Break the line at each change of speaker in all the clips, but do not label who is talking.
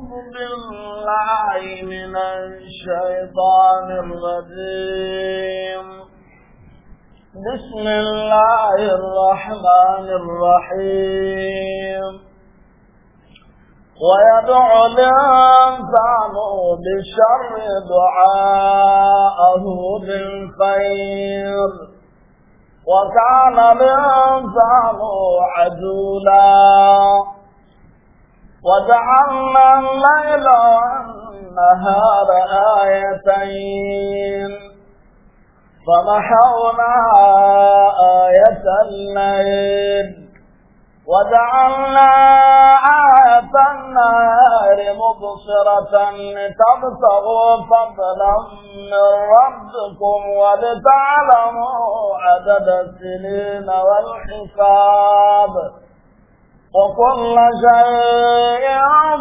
بالله من الشيطان الرجيم بسم الله الرحمن الرحيم ويدعو الإنسان بالشر دعاءه بالخير وكان الإنسان عجولا وجعلنا الليل والنهار آيتين فمحونا آية الليل وجعلنا آية النهار مبصرة لتبتغوا فضلا من ربكم ولتعلموا عدد السنين والحساب وكل شيء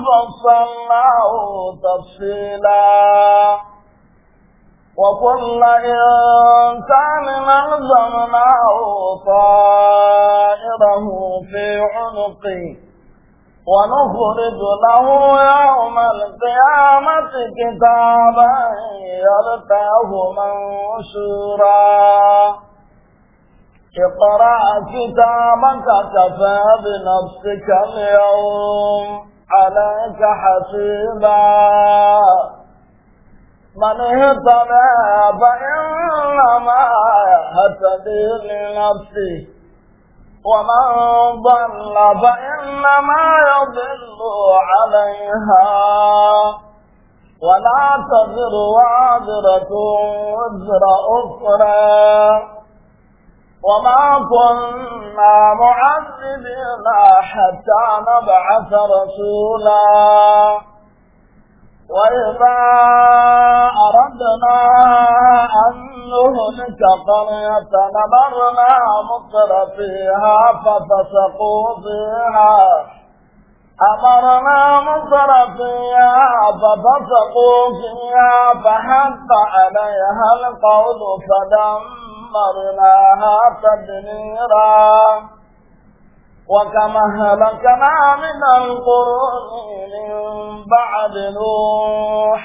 فصلناه تفصيلا وكل إنسان ألزمناه طائره في عنقه ونخرج له يوم القيامة كتابا يلقاه منشورا اقرأ كتابك كفى بنفسك اليوم عليك حسيبا من اهتدى فإنما يهتدي لنفسه ومن ضل فإنما يضل عليها ولا تزر وازرة وزر أخرى وما كنا معذبين حتى نبعث رسولا وإذا أردنا أن نهلك قرية نمرنا مطر فيها ففسقوا فيها أمرنا مطر فيها ففسقوا فيها فحق عليها القول فدمر ودمرناها تدميرا وكما هلكنا من القرون من بعد نوح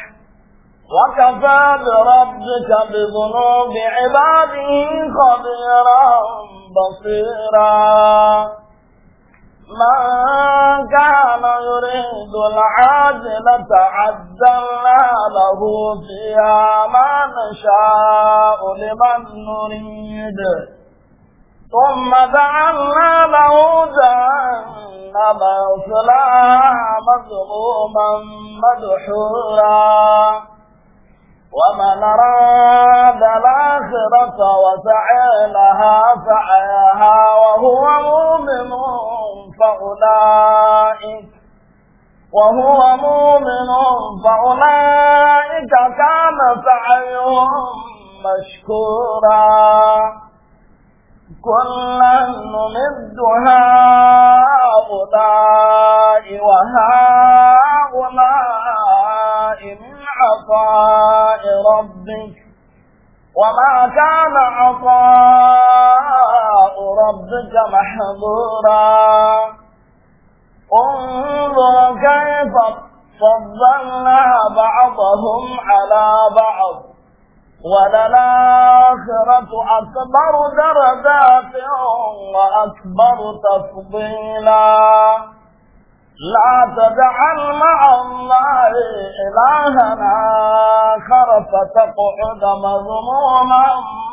وكفى بربك بذنوب عباده خبيرا بصيرا من كان يريد العاجلة عدلنا له فيها ما نشاء لمن نريد ثم جعلنا له جهنم يصلى مظلوما مدحورا ومن أراد الآخرة وسعي لها سعيها وهو مؤمن فأولئك وهو مؤمن فأولئك كان سعيهم مشكورا كلا نمد هؤلاء وهؤلاء من عطاء ربك وما كان عطاء ربك محظورا انظر كيف فضلنا بعضهم على بعض وللآخرة أكبر درجات وأكبر تفضيلا لا تجعل مع الله إلها آخر فتقعد مذموما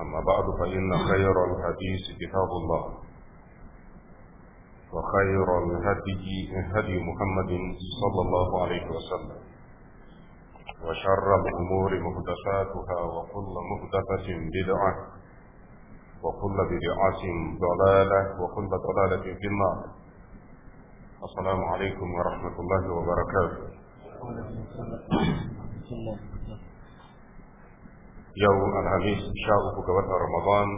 أما بعد فإن خير الحديث كتاب الله وخير الهدي هدي محمد صلى الله عليه وسلم وشر الأمور محدثاتها وكل محدثة بدعة وكل بدعة ضلالة وكل ضلالة في النار السلام عليكم ورحمة الله وبركاته yau alhamis sha uku ga watan ramadan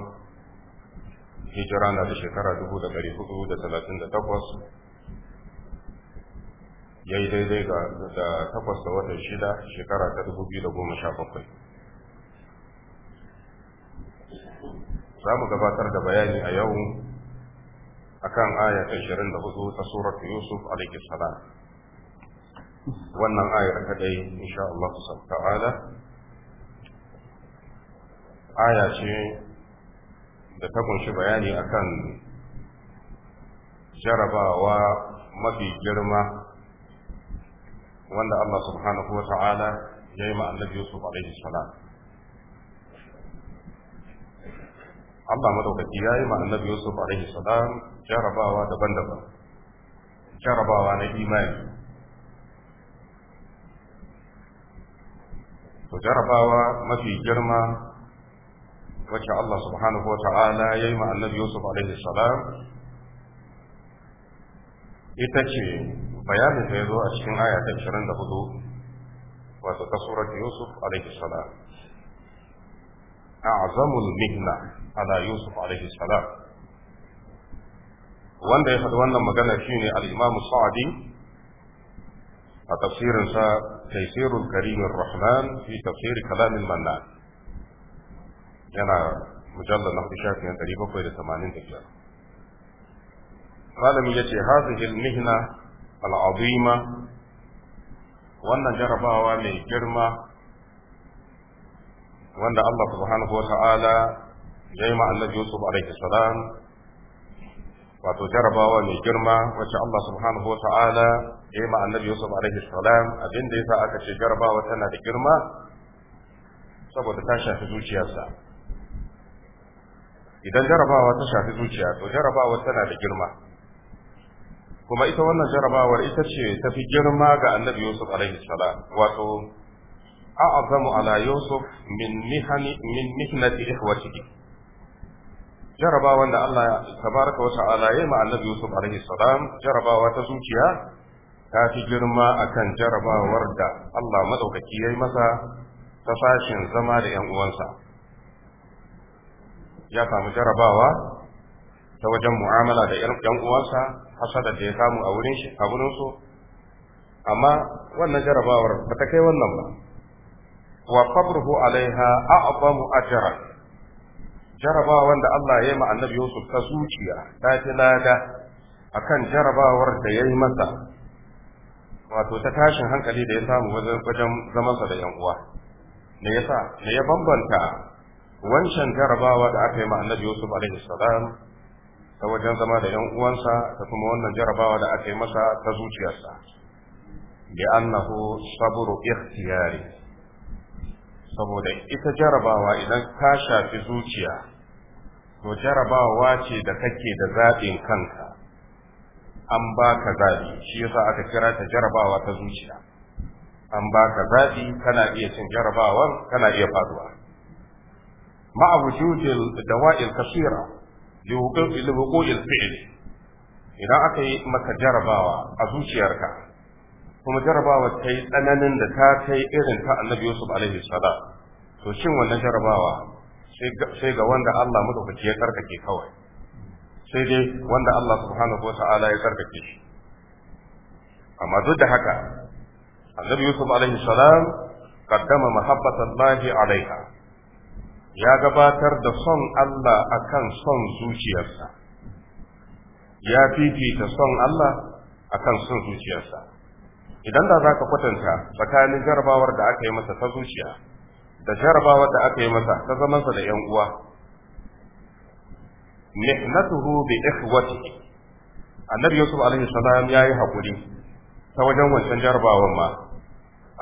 hijira na da shekara dubu da ɗari hudu da talatin da takwas ya yi daidai ga da takwas da watan shida shekara ta dubu biyu da goma sha bakwai za mu gabatar da bayani a yau akan aya ta hudu ta surat Yusuf alaihi salam wannan ayar kadai insha Allah subhanahu wa ta'ala aya ce da ta kunshi bayani akan jarabawa mafi girma wanda Allah subhanahu wa ta'ala ya yi annabi Yusuf alaihi salam Allah madaukaki ya yi annabi Yusuf alaihi salam jarabawa daban-daban jarabawa na imani to jarabawa mafi girma وجه الله سبحانه وتعالى يوم النبي يوسف عليه السلام يتكي بيان فيذو أشكين آية تشرين دهدو وتتا سورة يوسف عليه السلام أعظم المهنة على يوسف عليه السلام وان ده يخد وان لما قال شيني الإمام الصعدي تفسير سا تيسير الكريم الرحمن في تفسير كلام المنان yana mujalla na fi shafi na ɗari bakwai da tamanin da biyar malami ya ce hazihil mihna al'azima wannan jarabawa mai girma wanda Allah subhanahu wa ta'ala ya yi annabi Yusuf alaihi salam wato jarabawa mai girma wacce Allah subhanahu wa ta'ala ya yi annabi Yusuf alaihi salam abinda yasa aka ce jarabawa tana da girma saboda ta shafi zuciyarsa idan jarabawa ta shafi zuciya to jarabawa tana da girma kuma ita wannan jarabawar ita ce ta fi girma ga annabi yusuf alaihi salam wato a'azamu ala yusuf min mihani min mihnati ihwatihi jarabawan da Allah tabaraka wa ta'ala ya ma annabi yusuf alaihi salam jarabawa ta zuciya ta fi girma akan jarabawar da Allah madaukaki yayi masa ta fashin zama da yan uwansa ya samu jarabawa ta wajen mu'amala da ‘yan uwansa hasada da ya samu a wurin shi a wurin su amma wannan jarabawar ba ta kai wannan ba wa qabruhu alaiha a'zamu ajra jarabawar da Allah ya yi ma annabi Yusuf ta zuciya ta fi lada akan jarabawar da ya yi masa wato ta tashin hankali da ya samu wajen zamansa da ‘yan uwa me yasa me ya bambanta wancan jarabawa da aka yi ma annabi yusuf alaihi salam ta wajen zama da 'yan'uwansa, uwansa da kuma wannan jarabawa da aka yi masa ta zuciyarsa bi annahu sabru ikhtiyari saboda ita jarabawa idan ka shafi zuciya to jarabawa ce da kake da zaɓin kanka an baka zaɓi shi yasa aka kira ta jarabawa ta zuciya an baka zaɓi kana iya cin jarabawan kana iya faduwa ma'a wujudil dawa'il kasira li wuqu'il fi'l idan aka yi maka jarabawa a zuciyarka kuma jarabawa ta yi tsananin da ta kai irin ta annabi yusuf alaihi salam to shin wannan jarabawa sai ga wanda Allah madaukaki ya tsarkake kawai sai dai wanda Allah subhanahu wata'ala ya tsarkake amma duk da haka annabi yusuf alaihi salam qaddama ya gabatar da son Allah akan son zuciyarsa ya fifita son Allah akan son zuciyarsa idan da zaka kwatanta tsakanin jarabawar da aka yi masa ta zuciya da jarabawar da aka yi masa ta zamansa da yan uwa mihnatuhu bi ikhwati annabi yusuf alaihi salam yayi hakuri ta wajen wancan jarabawan ma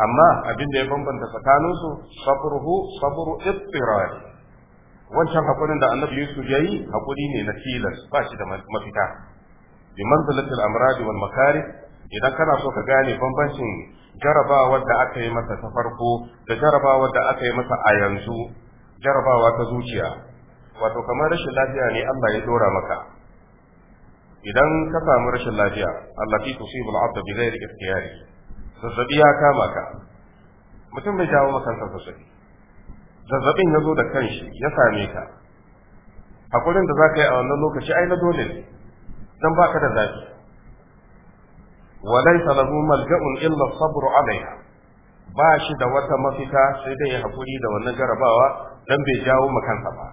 amma abin da ya bambanta tsakanin su sabruhu sabru ittirari wancan hakurin da annabi Yusuf yi hakuri ne na tilas ba shi da mafita bi manzilatil amrad wal makarih idan kana so ka gane bambancin jarabawar da aka yi masa ta farko da jarabawar da aka yi masa a yanzu jarabawa ta zuciya wato kamar rashin lafiya ne Allah ya dora maka idan ka samu rashin lafiya Allah fi tusibul abda bi ghairi ikhtiyari zazzabi ya kama ka mutum bai jawo kansa zazzabi zazzabin ya zo da kanshi ya same ka hakurin da za ka yi a wannan lokaci ai na dole ne don baka da zafi walai lahu malga'un illa sabru alaiha ba shi da wata mafita sai dai ya hakuri da wannan jarabawa dan bai jawo kansa ba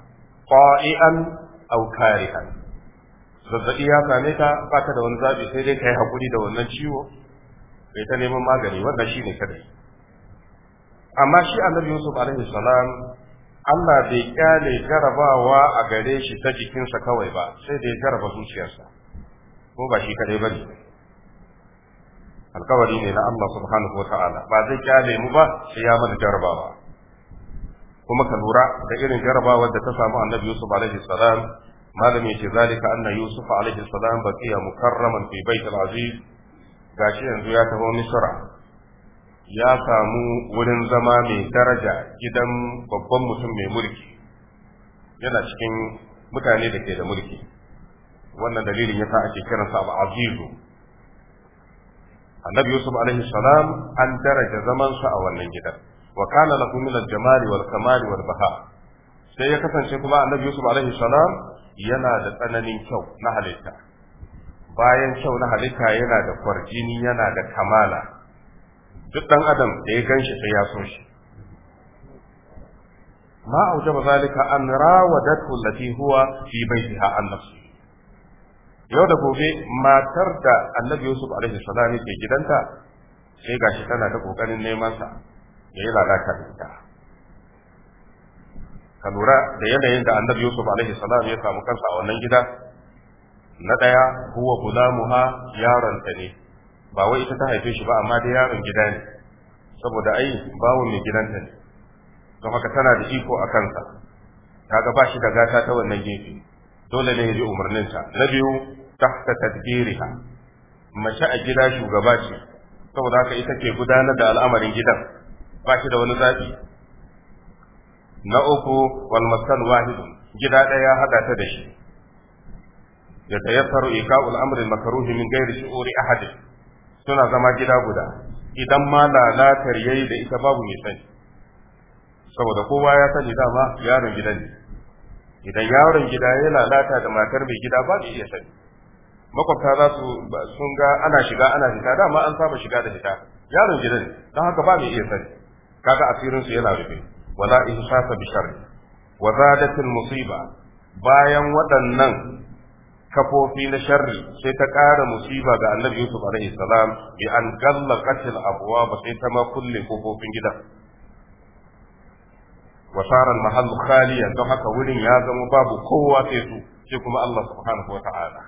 qa'ian aw karihan zazzabi ya same ka baka da wani zafi sai dai kai hakuri da wannan ciwo kai ta neman magani wannan shi ne kadai amma shi annabi yusuf alaihi salam Allah bai kyale jarabawa a gare shi ta jikinsa kawai ba sai da ya jaraba zuciyarsa ko ba shi kadai ne? alkawari ne na Allah subhanahu wa ta'ala ba zai kyale mu ba sai ya mana jarabawa kuma ka lura da irin jarabawar da ta samu annabi yusuf alaihi salam malami ce zalika anna yusuf alaihi salam baqiya mukarraman fi baitil aziz gashi yanzu ya taho misra ya samu wurin zama mai daraja gidan babban mutum mai mulki yana cikin mutane da ke da mulki wannan dalilin yasa ake kiransa abu azizu annabi yusuf alaihi salam an daraja zamansa a wannan gidan wa kana lahu min al-jamali wal kamali wal baha sai ya kasance kuma annabi yusuf alaihi salam yana da tsananin kyau na halitta bayan kyau na halitta yana da kwarjini yana da kamala duk dan adam da ya ganshi sai ya so shi ma ba zalika an rawadatu allati huwa fi baitiha an nafsi yau da gobe matar da annabi yusuf alaihi salam ke gidanta sai gashi tana da kokarin neman sa ya yi lalata da ita ka lura da yanayin da annabi yusuf alaihi salam ya samu kansa a wannan gida na ɗaya huwa gulamuha yaronta ne ba wai ita ta haife shi ba amma dai yaron gida ne saboda ai bawo mai gidanta ne don haka tana da iko a kansa kaga ba shi da gata ta wannan gefe dole ne ya ji umarninta na biyu tahta tadbiriha mace a gida shugaba ce saboda haka ita ke gudanar da al'amarin gidan ba shi da wani zaɓi na uku wal wahidun gida ɗaya haɗa ta da shi yatayassaru ika'ul amri makruhi min ghairi shu'uri ahadi suna zama gida guda idan ma lalatar yayi da ita babu mai sani saboda kowa ya sani dama yaron gidan ne idan yaron gida ya lalata da matar mai gida ba iya sani makwabta za su sun ga ana shiga ana fita dama an saba shiga da fita yaron gida ne, don haka ba mai iya sani kaga asirin su yana rufe wala ihsasa bi sharri wa zadatil musiba bayan waɗannan kafofi na sharri sai ta ƙara musiba ga annabi Yusuf alaihi salam bi an gallaqat al-abwa ba sai ta ma kulle kofofin gidan wa sara al-mahallu khaliya don haka wurin ya zama babu kowa sai su sai kuma Allah subhanahu wa ta'ala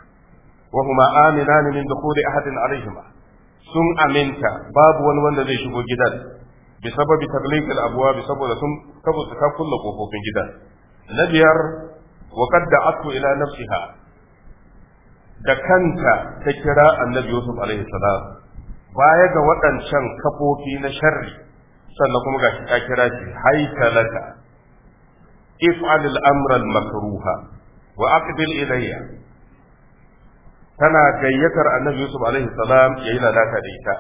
wa huma aminan min dukhuli ahadin alaihima sun aminta babu wani wanda zai shigo gidan bi sababi tagliq al-abwa bi saboda sun kabu ta kulle kofofin gidan na biyar وقد دعته إلى نفسها da kanta ta kira annabi Yusuf alaihi salam baya ga waɗancan kafofi na sharri sannan kuma gashi ta kira shi haikalaka if'al al-amra al-makruha wa aqbil ilayya tana gayyatar annabi Yusuf alaihi salam yayi lalata da ita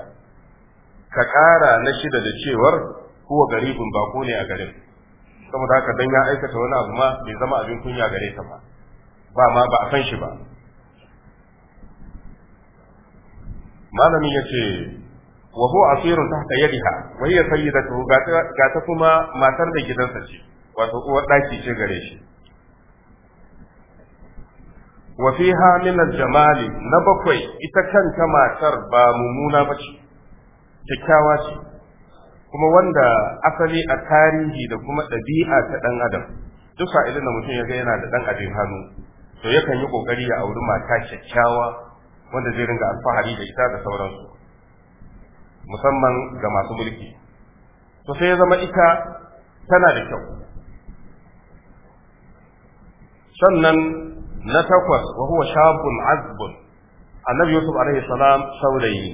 ka ƙara na shida da cewar huwa garibin bako ne a garin saboda haka dan ya aikata wani abu ma bai zama abin kunya gare ta ba ba ma ba a san shi ba malami ya ce wa huwa asirun tahta yadiha wa hiya sayyidatu ga ta kuma matar da gidansa ce wato uwar daki ce gare shi wa fiha min al-jamali na bakwai ita kanta matar ba mumuna bace kyakkyawa ce kuma wanda asali a tarihi da kuma ɗabi'a ta ɗan adam duk sa'ilin da mutum ya ga yana da ɗan abin hannu to yakan yi ƙoƙari ya auri mata kyakkyawa wanda zai ringa alfahari da ita da sauransu musamman ga masu mulki to sai ya zama ita tana da kyau sannan na takwas wa huwa shabun azbun annabi yusuf alaihi salam saurayi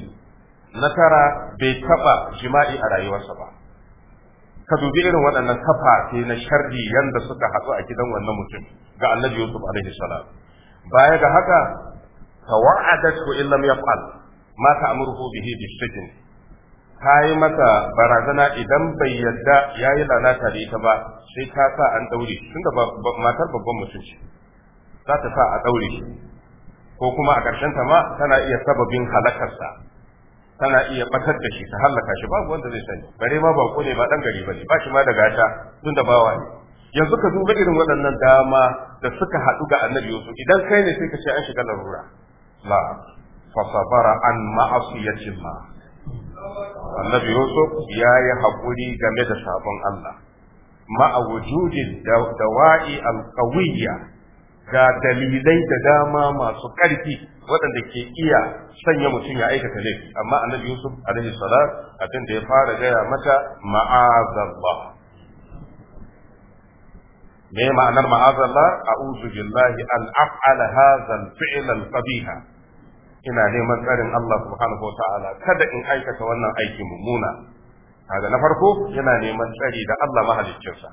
na tara bai taba jima'i a rayuwarsa ba ka dubi irin waɗannan kafa kafafe na sharri yanda suka haɗu a gidan wannan mutum ga annabi yusuf alaihi salam baya ga haka tawa'adatu in lam yaf'al ma ta'muruhu bihi bisijn ta yi masa barazana idan bai yadda ya yi lalata da ita ba sai ta sa an daure tunda matar babban mutum ce za ta sa a daure shi ko kuma a ƙarshen ta ma tana iya sababin halakarsa tana iya batar da shi ta hallaka shi babu wanda zai sani bare ma ba bako ne ba dan gari bane ba shi ma da gata tunda bawa ne yanzu ka duba irin waɗannan dama da suka haɗu ga annabi Yusuf idan kai ne sai ka ce an shiga larura la fa sabara an ma'asiyati
annabi yusuf
ya yi haƙuri game da sabon Allah ma'a wujudin dawa'i alqawiyya ga dalilai da dama masu ƙarfi waɗanda ke iya sanya mutum ya aikata laifi amma annabi yusuf alaihi da ya fara gaya mata ma'azallah me ma'anar ma'azallah a'udhu billahi an af'ala hadha al-fi'l al ina neman tsarin Allah subhanahu wa ta'ala kada in aikata wannan aiki mummuna kaga na farko yana neman tsari da Allah mahaliccinsa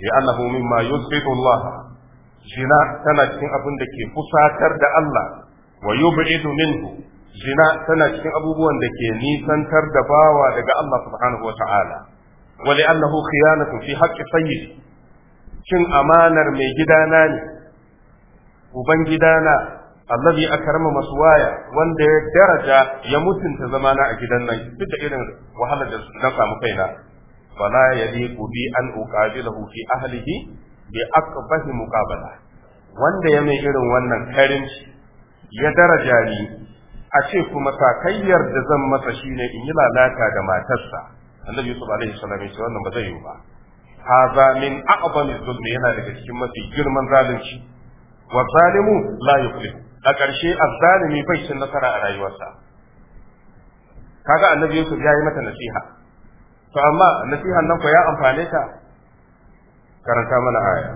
ya annahu mimma yusbitu Allah zina tana cikin abin da ke fusatar da Allah wa yub'idu minhu zina tana cikin abubuwan da ke nisantar da bawa daga Allah subhanahu wa ta'ala wa li'annahu khiyanatu fi haqqi sayyid cin amanar mai gidana ne uban gidana allazi akrama waya wanda ya daraja ya mutunta zamana a gidan nan duk irin wahalar da na samu kaina ya yadiqu bi an uqabilahu fi ahlihi bi aqbahi muqabala wanda ya mai irin wannan karinci ya daraja ni a ce kuma sakayyar da zan masa shine in yi lalata da matarsa annabi yusuf alaihi salam ya ce wannan ba zai yi ba haza min a'zami zulmi yana daga cikin mafi girman zalunci wa zalimu la a ƙarshe azzalimi bai cin nasara a rayuwarsa kaga annabi Yusuf ya yi mata nasiha to amma nasihan nan ko ya amfane ta karanta mana aya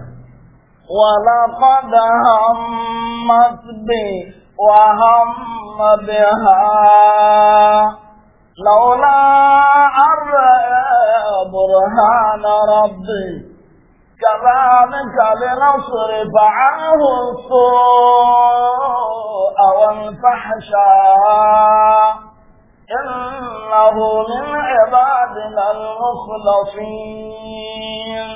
ولقد همت به وهم بها لولا أرى برهان ربي كذلك لنصرف عنه السوء والفحشاء إنه من عبادنا المخلصين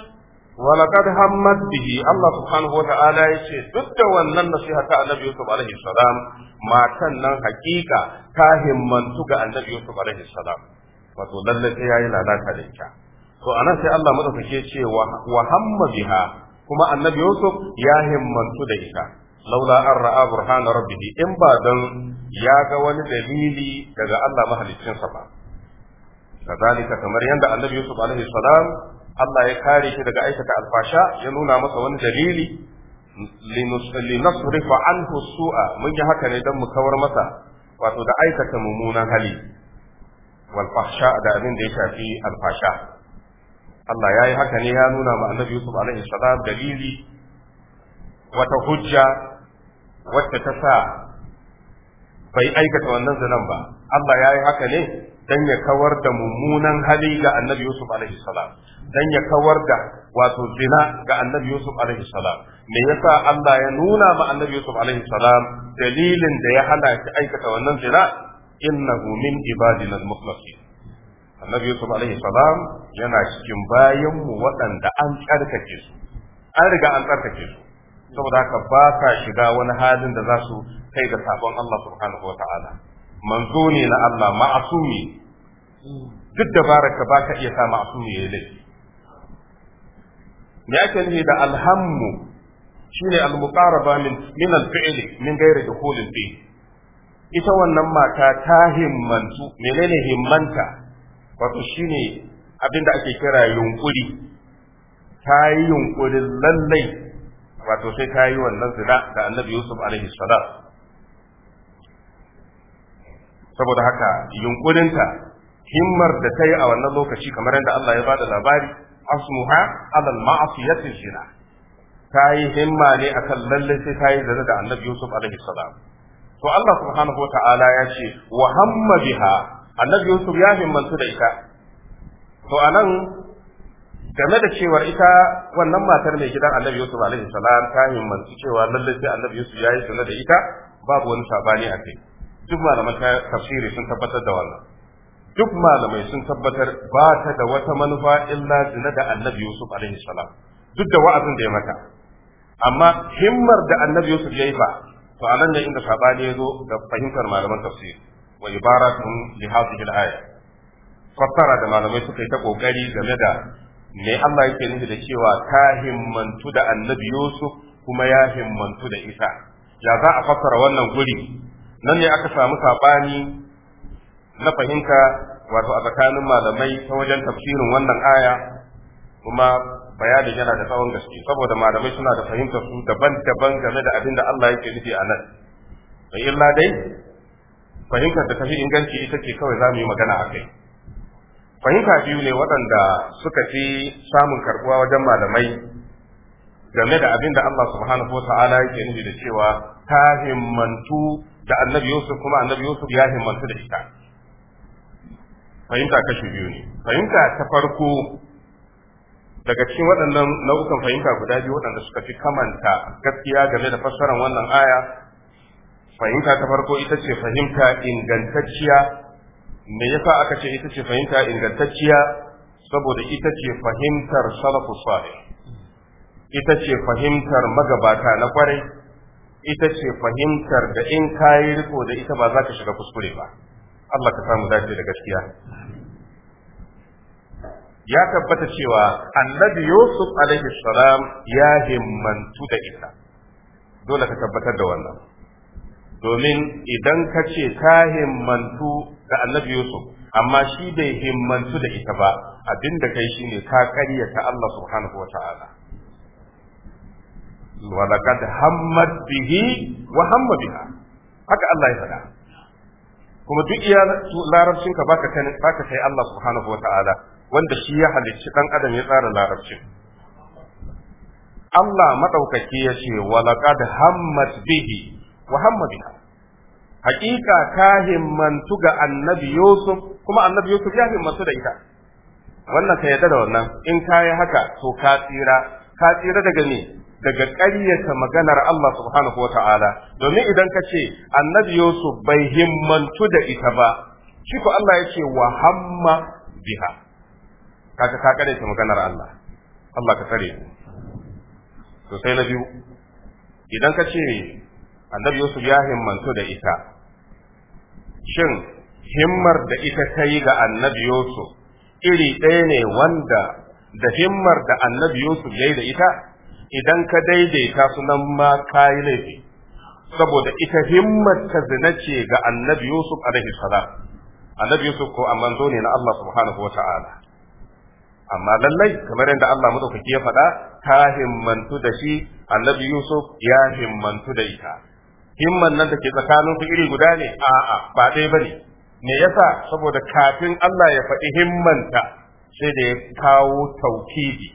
ولقد همت به الله سبحانه وتعالى يشي ضد wannan nasiha ta Annabi Yusuf alaihi salam matan nan haƙiƙa, ta himmantu ga Annabi Yusuf alaihi salam wato lalle sai yayi lalata da to anan sai Allah madaukake ce wa hamma biha kuma annabi Yusuf ya himmantu da ita laula an ra'a burhana rabbihi in ba dan ya ga wani dalili daga Allah mahaliccinsa ba kazalika kamar yanda annabi Yusuf alaihi salam Allah ya kare shi daga aikata alfasha ya nuna masa wani dalili linasrifa anhu su'a mun yi haka ne dan mu kawar masa wato da aikata mummunan hali wal fahsha da abin da ya shafi alfasha Allah ya yi haka ne ya nuna ma annabi Yusuf alaihi salam dalili wata hujja wacce ta sa bai aikata wannan zinan ba Allah ya yi haka ne dan ya kawar da mummunan hali ga annabi Yusuf alaihi salam dan ya kawar da wato zina ga annabi Yusuf alaihi salam me yasa Allah ya nuna ma annabi Yusuf alaihi salam dalilin da ya hana shi aikata wannan zina innahu min ibadina al-mukhlasin annabi yusuf alaihi salam yana cikin bayanmu waɗanda an tsarkake su an riga an tsarkake su saboda haka ba sa shiga wani halin da za su kai ga sabon Allah subhanahu wataala manzo ne na Allah ma'asumi duk da dabaraka ba ka iya sa ma'asumi ya laifi me ake nufi da alhammu shine al-muqaraba min min al-fi'li min ghairi dukhul fi ita wannan mata ta himmantu menene himmanta wato shi abin da ake kira yunkuri ta yi yunkurin lallai wato sai ta yi wannan zina da annabi yusuf alaihi salam saboda haka yunkurinta himmar da ta yi a wannan lokaci kamar yadda Allah ya bada labari asmuha alal ma'asiyatin zina ta yi himma ne akan lallai sai ta yi zina da annabi yusuf alaihi salam to Allah subhanahu wa ta'ala ya ce wa hamma biha annabi yusuf ya himmantu da ita to anan game da cewar ita wannan matar mai gidan annabi yusuf alaihi salam ta himmantu cewa lallai sai annabi yusuf ya yi sunna da ita babu wani sabani a kai duk ta tafsiri sun tabbatar da wannan duk malamai sun tabbatar ba ta da wata manufa illa zina da annabi yusuf alaihi salam duk da wa'azin da ya mata amma himmar da annabi yusuf ya yi ba to anan ne inda sabani ya zo da fahimtar malaman tafsiri wa ibaratun li hadhihi al-aya fassara da malamai suka yi ta kokari game da me Allah yake nufi da cewa ta himmantu da annabi Yusuf kuma ya himmantu da Isa ya za a fassara wannan guri nan ne aka samu sabani na fahimta wato a tsakanin malamai ta wajen tafsirin wannan aya kuma bayani yana da tsawon gaske saboda malamai suna da fahimtar su daban-daban game da abin da Allah yake nufi a nan sai illa dai fahimtar da fi inganci ita ce kawai za mu yi magana a kai fahimta biyu ne waɗanda suka fi samun karɓuwa wajen malamai game da abin da Allah subhanahu wa ta'ala yake nufi da cewa ta himmantu da annabi Yusuf kuma annabi Yusuf ya himmantu da ita fahimta kashi biyu ne fahimta ta farko daga cikin waɗannan nau'ukan fahimta guda biyu waɗanda suka fi kamanta gaskiya game da fassarar wannan aya fahimta ta farko ita ce fahimta ingantacciya me yasa aka ce ita ce fahimta ingantacciya saboda ita ce fahimtar salafu salih ita ce fahimtar magabata na kwarai ita ce fahimtar da in kayi riko da ita ba za ka shiga kuskure ba Allah ka samu dace da gaskiya ya tabbata cewa annabi Yusuf alaihi salam ya himmantu da ita dole ka tabbatar da wannan domin idan ka ce ka himmantu da annabi Yusuf amma shi bai himmantu da ita ba abinda kai shine ka ta Allah subhanahu wata'ala laqad hammat bihi wa hamma biha haka Allah ya faɗa kuma duk iya larabcin ka baka kai baka kai Allah subhanahu wata'ala wanda shi ya halicci dan adam ya tsara larabcin Allah madaukake ya ce laqad hammat bihi wa hamma biha haqiqa ta himmantu ga annabi yusuf kuma annabi yusuf ya himmantu da ita wannan ka yarda da wannan in ka yi haka to ka tsira ka tsira daga ne daga ƙaryata maganar Allah subhanahu wa domin idan ka ce annabi yusuf bai himmantu da ita ba shi ko Allah ya ce wa hamma biha kaga ka ƙaryata maganar Allah Allah ka tsare to sai na biyu idan ka ce annabi yusuf ya himmantu da ita shin himmar da ita ta ga annabi yusuf iri ɗaya ne wanda da himmar da annabi yusuf ya yi da ita idan ka daidaita sunan ma ka yi laifi saboda ita himmar ta zina ce ga annabi yusuf alaihi salam annabi yusuf ko amman zo ne na allah subhanahu wa amma lallai kamar yadda allah madaukaki ya faɗa ta himmantu da shi annabi yusuf ya himmantu da ita himman nan da ke tsakanin su iri guda ne a'a ba ɗaya bane me yasa saboda kafin Allah ya faɗi himmanta sai da ya kawo tauhidi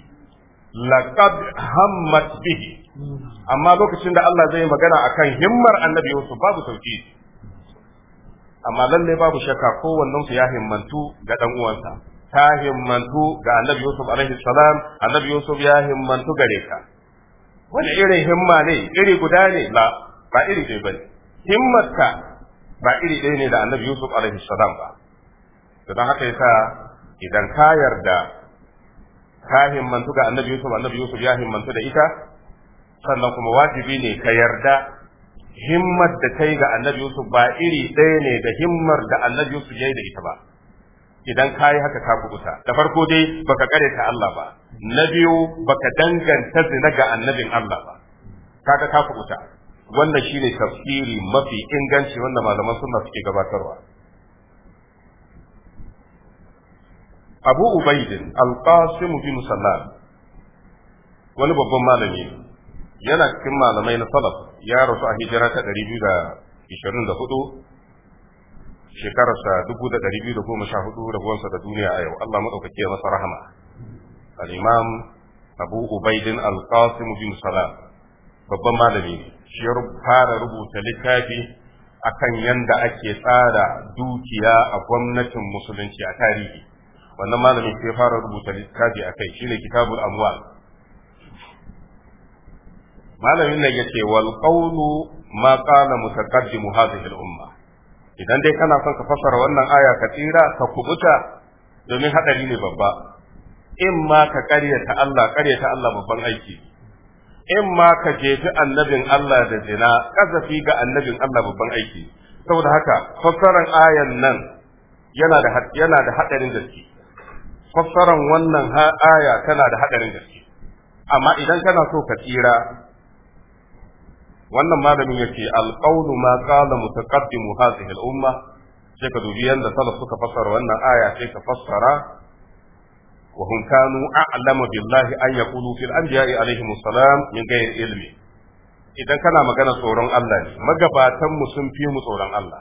laqad hammat bihi amma lokacin da Allah zai magana akan himmar Annabi Yusuf babu tauhidi amma lalle babu shakka wannan su ya himmantu ga dan uwansa ta himmantu ga Annabi Yusuf alaihi salam Annabi Yusuf ya himmantu gare ka wani irin himma ne iri guda ne la ba iri ɗaya bane himmarka ba iri ɗaya ne da annabi yusuf alaihi salam ba don haka yasa idan ka yarda ka himmantu ga annabi yusuf annabi yusuf ya himmantu da ita sannan kuma wajibi ne ka yarda himmar da kai ga annabi yusuf ba iri ɗaya ne da himmar da annabi yusuf ya yi da ita ba idan ka yi haka ka kubuta da farko dai baka kare ta Allah ba na biyu baka danganta zina ga annabin Allah ba kaga ka kubuta wannan shine tafsiri mafi inganci wanda malaman suna suke gabatarwa Abu Ubaid al-Qasim bin Sallam wani babban malami yana cikin malamai na salaf ya rasu a hijira ta 224 shekararsa 1214 rabuwansa da duniya a yau Allah madaukake ya masa rahama al-Imam Abu Ubaid al-Qasim bin Sallam babban malami ne shi fara rubuta littafi akan yanda ake tsara dukiya a gwamnatin musulunci a tarihi wannan malamin sai fara rubuta littafi a akai shine kitabul amwal malamin nan yace wal qawlu ma qala mutaqaddimu hadhihi al umma idan dai kana son ka fassara wannan aya ka tsira ka kubuta domin hadari ne babba in ma ka karyata Allah Allah babban aiki in ma ka jefi annabin Allah da jina, kazafi ga annabin Allah babban aiki saboda haka fassaran ayan nan yana da yana da hadarin gaske fassaran wannan aya tana da hadarin gaske amma idan kana so ka tsira wannan malamin yace alqawlu ma qala mutaqaddimu hadhihi al-umma sai ka dubi yanda salaf suka fassara wannan aya sai ka fassara وهم كانوا أعلم بالله أن يقولوا في الأنبياء عليهم السلام من غير علم idan kana magana tsoron Allah ne magabatanmu sun fi mu tsoron Allah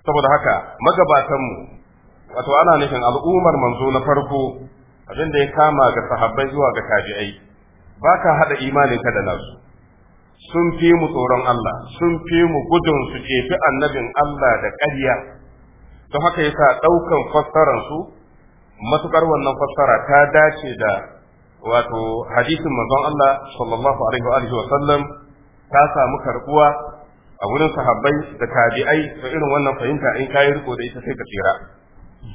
saboda haka magabatanmu wato ana nufin al'ummar manzo na farko abin da ya kama ga sahabbai zuwa ga tabi'ai ba ka haɗa imaninka da nasu sun fi mu tsoron Allah sun fi mu gudun su jefi annabin Allah da ƙarya don haka yasa ɗaukan fassararsu matukar wannan fassara ta dace da wato hadisin manzon Allah sallallahu alaihi wa sallam ta samu karbuwa a wurin sahabbai da tabi'ai da irin wannan fahimta in kayi riko da ita sai ka tsira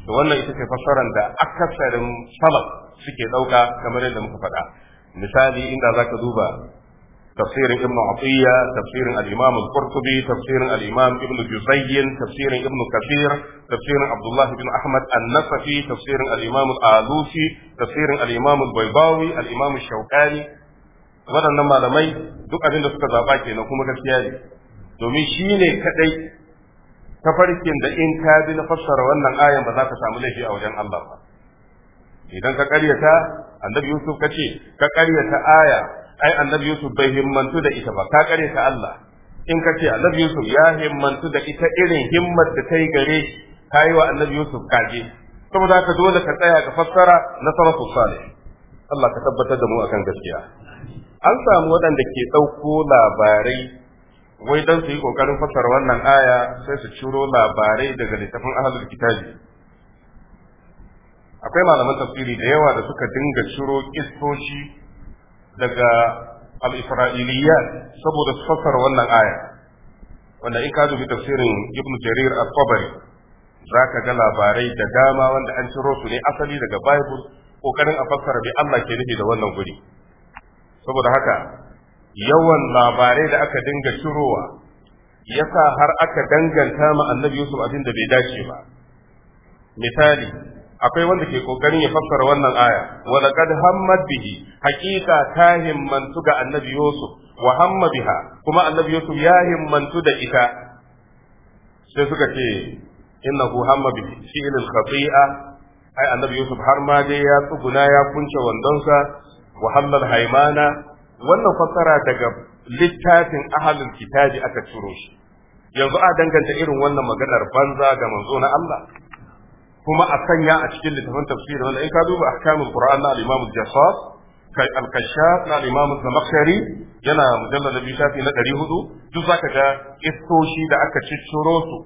to wannan ita ce fassarar da akasarin salaf suke dauka kamar yadda muka faɗa misali inda zaka duba
تفسير ابن عطية تفسير الإمام القرطبي تفسير الإمام ابن جزي تفسير ابن
كثير تفسير عبد الله بن أحمد النصفي تفسير الإمام الآلوسي تفسير الإمام البيضاوي الإمام الشوكاني waɗannan malamai duk abin da suka zaɓa kenan kuma gaskiya ne domin shi ne kaɗai tafarkin da in ka bi na fassara wannan ayan ba za ka samu laifi a wajen Allah ba idan ka annabi Yusuf ka ce ka karyata aya ai annabi Yusuf bai himmantu da ita ba ka kare ka Allah in ka ce annabi Yusuf ya himmantu da ita irin himmar da ta yi gare ka yi wa annabi Yusuf kaje saboda haka dole ka tsaya ka fassara na sarrafa salih Allah ka tabbatar da mu akan gaskiya an samu waɗanda ke ɗauko labarai wai don su yi ƙoƙarin fassara wannan aya sai su ciro labarai daga littafin ahlul kitabi akwai malaman tafsiri da yawa da suka dinga ciro kistoci daga al-isra'iliyat saboda su fassara wannan aya wanda in ka dubi tafsirin Ibn jarir al tabari zaka ga labarai da dama wanda an ciro su ne asali daga bible kokarin a fassara bi Allah ke nufi da wannan guri saboda haka yawan labarai da aka dinga cirowa yasa har aka danganta ma annabi Yusuf abin da bai dace ba misali akwai wanda ke kokarin ya fassara wannan aya wa laqad hammat bihi haqiqa ta himmantu ga annabi yusuf wa hamma biha kuma annabi yusuf ya himmantu da ita sai suka ce innahu hamma bihi fi'l al-khati'a ai annabi yusuf har ma dai ya tsuguna ya kunce wandonsa wa haimana wannan fassara daga littafin ahalin kitabi aka ciro shi yanzu a danganta irin wannan maganar banza ga manzo na Allah kuma a sanya a cikin littafin tafsir wanda in ka duba ahkamul qur'an na al-imam al-jassas kai al-kashaf na al-imam al-zamakhshari yana mujallal bi shafi na 400 duk zaka ga istoshi da aka cicciro su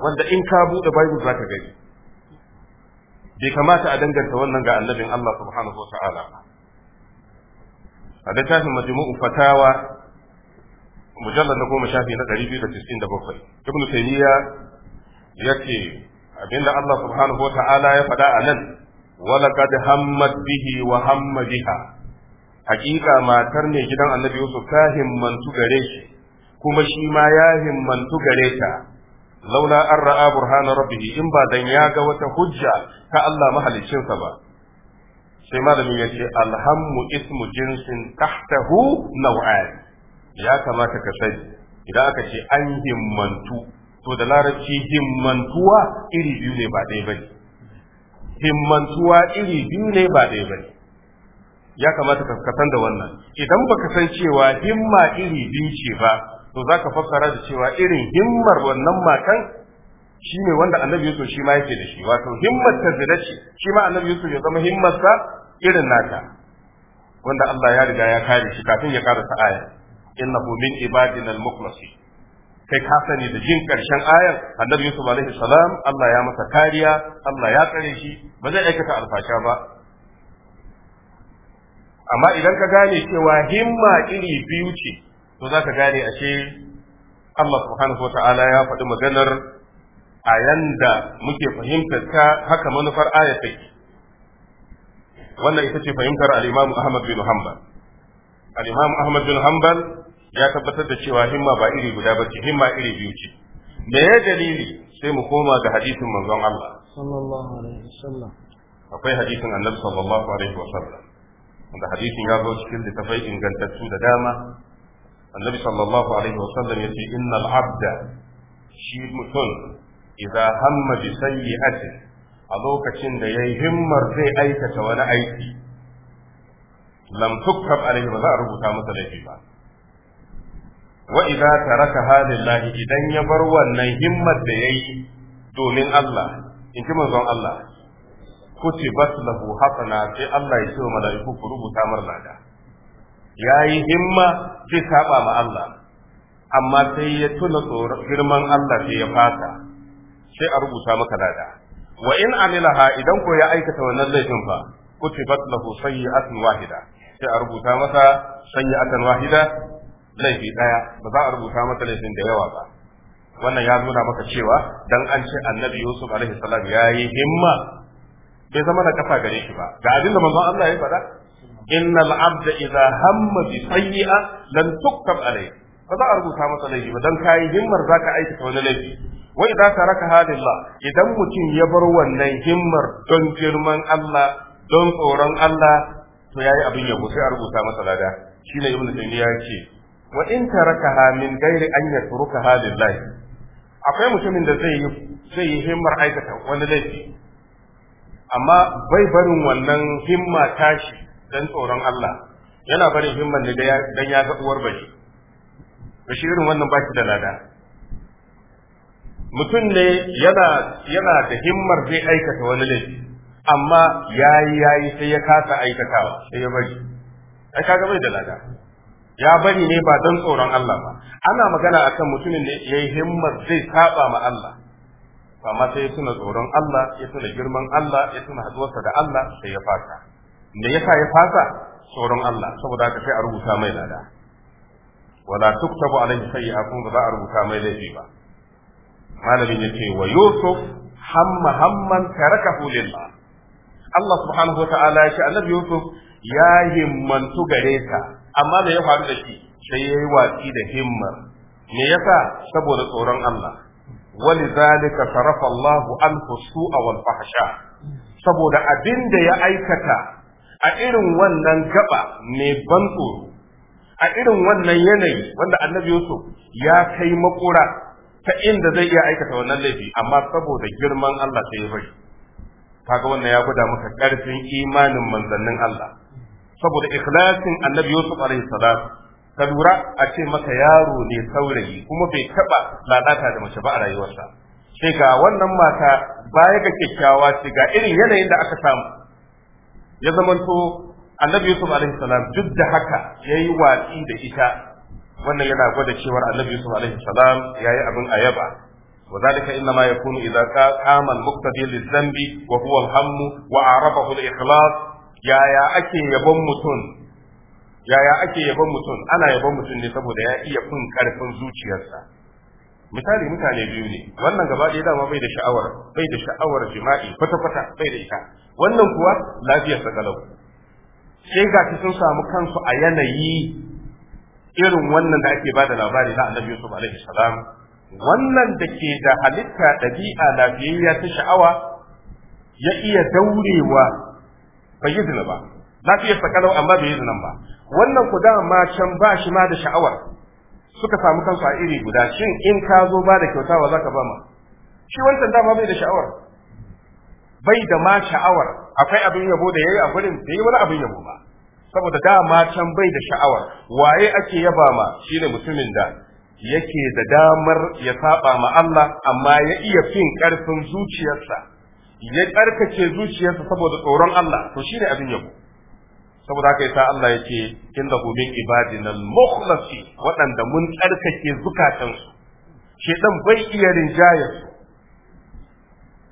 wanda in ka bude bible zaka gani bai kamata a danganta wannan ga annabin Allah subhanahu wa ta'ala a littafin majmu'u fatawa mujallal na goma shafi na 297 ibnu taymiya yake abinda Allah subhanahu wa ta'ala ya faɗa a nan walaqad hammat bihi wa hamma biha hakika matar ne gidan annabi Yusuf ta himmantu gare shi kuma shi ma ya himmantu gare ta laula an ra'a burhana rabbihi in ba dan ya ga wata hujja ta Allah mahaliccinsa ba sai malamin ya ce alhammu ismu jinsin tahtahu nau'ai. ya kamata ka sani idan aka ce an himmantu to da larabci himmantuwa iri biyu ne ba ɗaya bane himmantuwa iri biyu ne ba ɗaya bane ya kamata ka san da wannan idan baka san cewa himma iri biyu ce ba to zaka fassara da cewa irin himmar wannan matan shi ne wanda annabi yusuf shi ma yake da shi wato himmar ta zina ce shi ma annabi yusuf ya zama himmarsa irin nata wanda Allah ya riga ya kare shi kafin ya karasa aya innahu min ibadina al-mukhlasin kai ka sani da jin karshen ayar annabi yusuf alaihi salam Allah ya masa kariya Allah ya tsare shi ba zai aikata alfasha ba amma idan ka gane cewa himma iri biyu ce to zaka gane ashe Allah subhanahu wata'ala ya faɗi maganar a yanda muke fahimtar ta haka manufar ayar take wannan ita ce fahimtar al-Imam Ahmad bin Hanbal al-Imam Ahmad bin Hanbal ya tabbatar da cewa himma ba iri guda ba ce himma iri biyu ce me ya dalili sai mu koma ga hadisin manzon Allah
sallallahu alaihi wasallam akwai
hadisin annabi sallallahu alaihi wasallam wanda hadisin ya zo cikin littafai ingantattu da dama annabi sallallahu alaihi wasallam yace innal abda shi mutum idza hamma bi sayyi'atin a lokacin da yayi himmar zai aikata wani aiki lam tuktab alaihi ba za a rubuta masa laifi ba wa idza taraka halillahi idan ya bar wannan himmat da yayi domin Allah in ji manzon Allah kutibat lahu hasana sai Allah ya ce wa mala'iku ku rubuta mar ya yayi himma zai saba ma Allah amma sai ya tuna tsoron girman Allah sai ya fata sai a rubuta maka lada wa in amilaha idan ko ya aikata wannan laifin fa kutibat lahu sayyi'atun wahida sai a rubuta masa sayyi'atan wahida laifi ɗaya ba za a rubuta mata laifin da yawa ba wannan ya nuna maka cewa dan an ce annabi yusuf alaihi salam ya yi himma bai zama na kafa gare shi ba ga abin da manzon Allah ya faɗa innal abda idza hamma bi sayyi'a lan tuktab alayhi ba za a rubuta masa laifi ba dan kai himmar zaka aikata wani laifi wa idza taraka halillah idan mutum ya bar wannan himmar don girman Allah don tsoron Allah to yayi abin yabo sai a rubuta masa lada shine ibnu taymiya ya ce wa in tarakaha min ghairi an yatrukaha lillahi akwai mutumin da zai yi zai yi himmar aikata wani laifi amma bai barin wannan himma tashi dan tsoron Allah yana barin himman ne dan ya ga uwar bashi bashi irin wannan baki da lada mutum ne yana yana da himmar zai aikata wani laifi amma yayi yayi sai ya kasa aikatawa sai ya bari ai kaga bai da lada ya bari ne ba don tsoron Allah ba ana magana a kan mutumin ne ya yi himmar zai saba ma Allah amma sai ya tuna tsoron Allah ya tuna girman Allah ya tuna haduwarsa da Allah sai ya fasa me yasa ya fasa tsoron Allah saboda haka sai a rubuta mai lada wala tuktabu alaihi sayyi'a kun ba za a rubuta mai laifi ba malamin yace wa yusuf hamma hamman tarakahu lillah Allah subhanahu wa ta'ala ya ce annabi yusuf ya himmantu gare ka amma me ya faru da shi sai ya yi watsi da himma me yasa saboda tsoron Allah ولذلك Allahu الله عنه السوء fahsha saboda abinda ya aikata a irin wannan gaba mai ban tsoro a irin wannan yanayi wanda annabi Yusuf ya kai makura ta inda zai iya aikata wannan laifi amma saboda girman Allah sai ya bari kaga wannan ya gwada maka karfin imanin manzannin Allah saboda ikhlasin annabi yusuf alaihi salam ka lura a ce masa yaro ne saurayi kuma bai taba lalata da mace ba a rayuwarsa sai ga wannan mata baya ga kyakkyawa ce ga irin yanayin da aka samu ya zamanto annabi yusuf alaihi salam duk da haka yayi watsi da ita wannan yana gwada cewar annabi yusuf alaihi salam yayi abin ayaba وذلك انما يكون اذا قام المقتدي للذنب وهو الهم وعرفه الاخلاص yaya ake yabon mutum yaya ake yabon mutum ana yabon mutum ne saboda ya iya fin karfin zuciyarsa misali mutane biyu ne wannan gaba ɗaya dama bai da sha'awar bai da sha'awar jima'i kwata kwata bai da ita wannan kuwa lafiyar sa galau sai ga sun samu kansu a yanayi irin wannan da ake bada labari na annabi Yusuf alaihi salam wannan da ke da halitta ɗabi'a lafiyayya ta sha'awa ya iya daurewa bai yi zina ba na sa sakalau amma bai yi zinan ba wannan ku dama can ba shi ma da sha'awar suka samu kansu a iri guda shin in ka zo ba da kyauta wa zaka ba ma shi wancan dama bai da sha'awar bai da ma sha'awar akwai abin yabo da yayi a gurin ya yi wani abin yabo ba saboda dama can bai da sha'awar waye ake yaba ma shine mutumin da yake da damar ya saba ma Allah amma ya iya fin karfin zuciyarsa ya tsarkake zuciyarsa saboda tsoron Allah to shi ne abin yabo saboda haka yasa Allah ya yake innahu min ibadina al-mukhlasi waɗanda mun tsarkake zukatansu shedan bai iya rinjayar su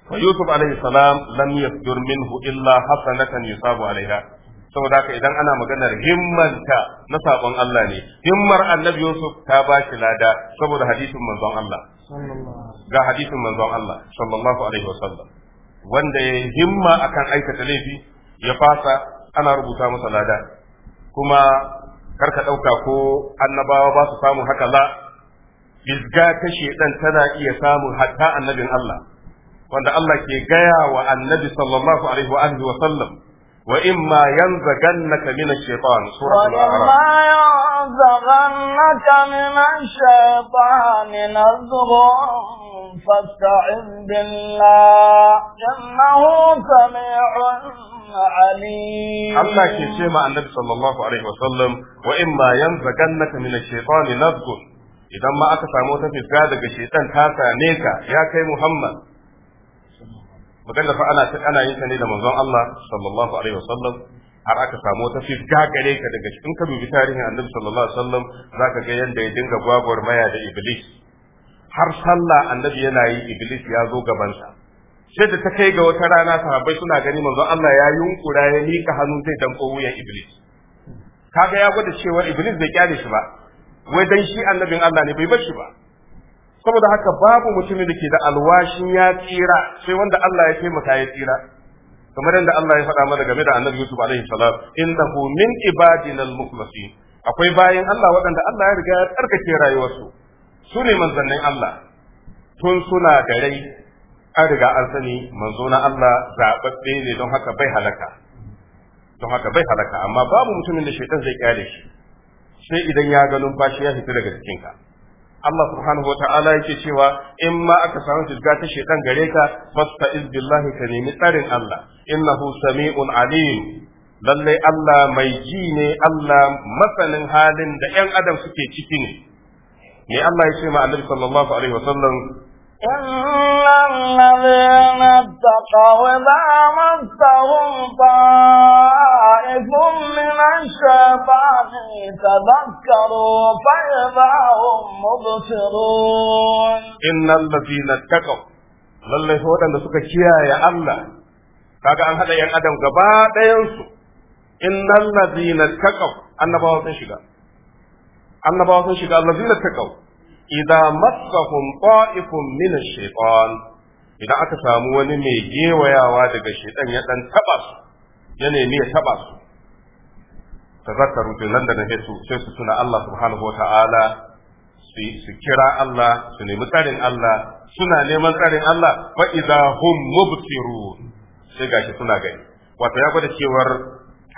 fa yusuf alaihi salam lam yasdur minhu illa hasanatan yusabu alaiha saboda haka idan ana maganar himmanta na sabon Allah ne himmar annabi yusuf ta ba shi lada saboda hadisin manzon Allah ga hadisin manzon Allah sallallahu alaihi wasallam wanda ya himma akan aikata laifi ya fasa ana rubuta masa lada kuma karka ɗauka ko annabawa ba su samu haka la bisga ta shedan tana iya samun hatta annabin Allah wanda Allah ke gaya wa annabi sallallahu alaihi wa alihi wa sallam wa imma yanzaganna min ash-shaytan suratul
a'raf ينزغنك من الشيطان نزغ فاستعذ بالله إنه سميع عليم حتى كيشي
مع النبي صلى الله عليه وسلم وإما ينزغنك من الشيطان نزغ إذا ما أتى موتا في الزادة الشيطان هذا نيكا يا كي محمد magana أنا أنا ta ana yin ta ne da manzon Allah sallallahu alaihi wasallam har aka samu wata fiska gare ka daga cikin ka dubi tarihin annabi sallallahu alaihi wasallam zaka ga yanda ya dinga gwagwar maya da iblis har sallah annabi yana yi iblis ya zo sa sai da ta kai ga wata rana sahabbai suna gani manzo Allah ya yunkura ya mika hannu zai danko wuyan iblis kaga ya gwada cewa iblis bai kyale shi ba wai dan shi annabin Allah ne bai bar shi ba saboda haka babu mutumin da ke da alwashin ya tsira sai wanda Allah ya taimaka ya tsira kamar yadda Allah ya faɗa mana game da annabi Yusuf alaihi salam innahu min ibadina al-mukhlasin akwai bayan Allah waɗanda Allah ya riga ya tsarkake rayuwarsu su ne manzannin Allah tun suna da rai an riga an sani manzo na Allah zaɓaɓɓe ne don haka bai halaka don haka bai halaka amma babu mutumin da shaitan zai kyale shi sai idan ya ga numfashi ya fita daga cikinka Allah subhanahu wa ta'ala yake cewa in ma aka samu fisga ta shedan gare ka fasta'iz billahi ka nemi tsarin Allah innahu sami'un alim lalle Allah mai ji ne Allah masanin halin da ƴan adam suke ciki ne me Allah ya ce ma Annabi sallallahu alaihi wasallam
إن الذين اتقوا إذا مسهم طائف من الشيطان تذكروا فإذا هم مبصرون
إن الذين اتقوا lallai su waɗanda suka kiyaye Allah kaga an haɗa ‘yan adam gaba ɗayansu innal ladina taqaw annabawa sun shiga annabawa sun shiga ladina taqaw ida massahum ta'ifun min ash idan aka samu wani mai gewayawa daga shekwan ya ɗan taɓa su ya nemi ya taɓa su Ta tazakkaru to nan da nake su sai su tuna Allah subhanahu ta'ala, su kira Allah su nemi tsarin Allah suna neman tsarin Allah fa idza hum mubsirun sai gashi suna gani wato ya gwada cewar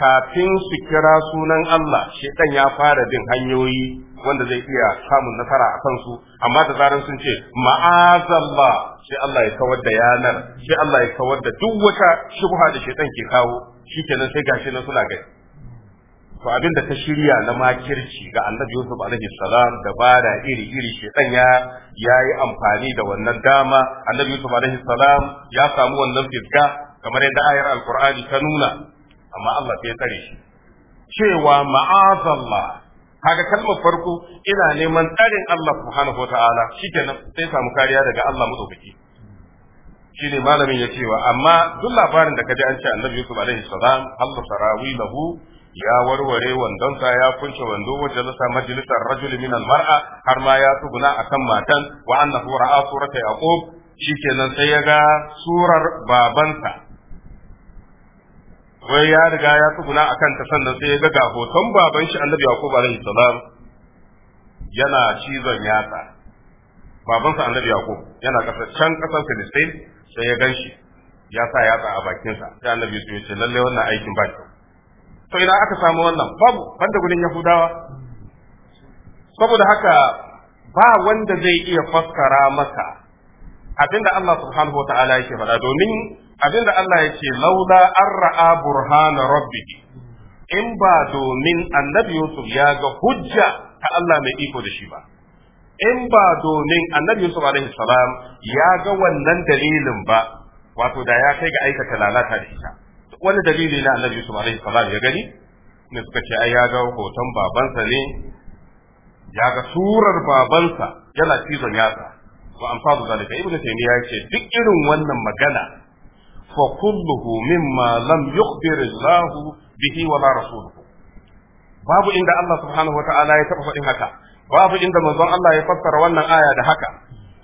kafin su kira sunan Allah ɗan ya fara bin hanyoyi wanda zai iya samun nasara a kansu amma da zarar sun ce ma'azallah sai Allah ya kawar da yanar sai Allah ya kawar da duk wata shubha da shaitan ke kawo shikenan sai gashi na suna gani to abin da ta shirya na makirci ga annabi Yusuf alaihi salam dabara iri iri shaitan ya yayi amfani da wannan dama annabi Yusuf alaihi salam ya samu wannan fitka kamar yadda ayar alqur'ani ta nuna amma Allah sai ya tsare shi cewa ma'azallah kaga kalmar farko ina neman tsarin Allah subhanahu wataala shikenan sai samu kariya daga Allah madaukaki shine malamin ya cewa amma duk labarin da kaji an ce Annabi Yusuf alaihi salam Allah sarawi lahu ya warware wandonsa ya kunce wando wajen lasa majalisar rajul min mar'a har ma ya tsuguna akan matan wa annahu ra'a surata yaqub shikenan sai ya ga surar babansa wai ya riga ya tsuguna a kanta sannan sai ya ga hoton baban shi annabi yaqub alaihi salam yana cizon yatsa Baban sa annabi yaqub yana kasar can kasar filistin sai ya gan shi ya sa yatsa a bakinsa sai annabi su, ya ce lalle wannan aikin ba kyau to idan aka samu wannan babu banda gudun yahudawa saboda haka ba wanda zai iya fassara maka abinda Allah subhanahu wataala yake faɗa domin abinda Allah yake lauda an ra'a burhana rabbihi in ba domin annabi Yusuf ya ga hujja ta Allah mai iko da shi ba in ba domin annabi Yusuf alaihi salam ya ga wannan dalilin ba wato da ya kai ga aikata lalata da ita wani dalili na annabi Yusuf alaihi salam ya gani ne suka ce ai ya ga hoton babansa ne ya ga surar babansa yana cizon yasa wa amsalu zalika ibnu taymiya yace duk irin wannan magana fa kulluhu mimma lam yukhbir Allah bihi babu inda Allah subhanahu wataala ya taba faɗin haka babu inda manzon Allah ya fassara wannan aya da haka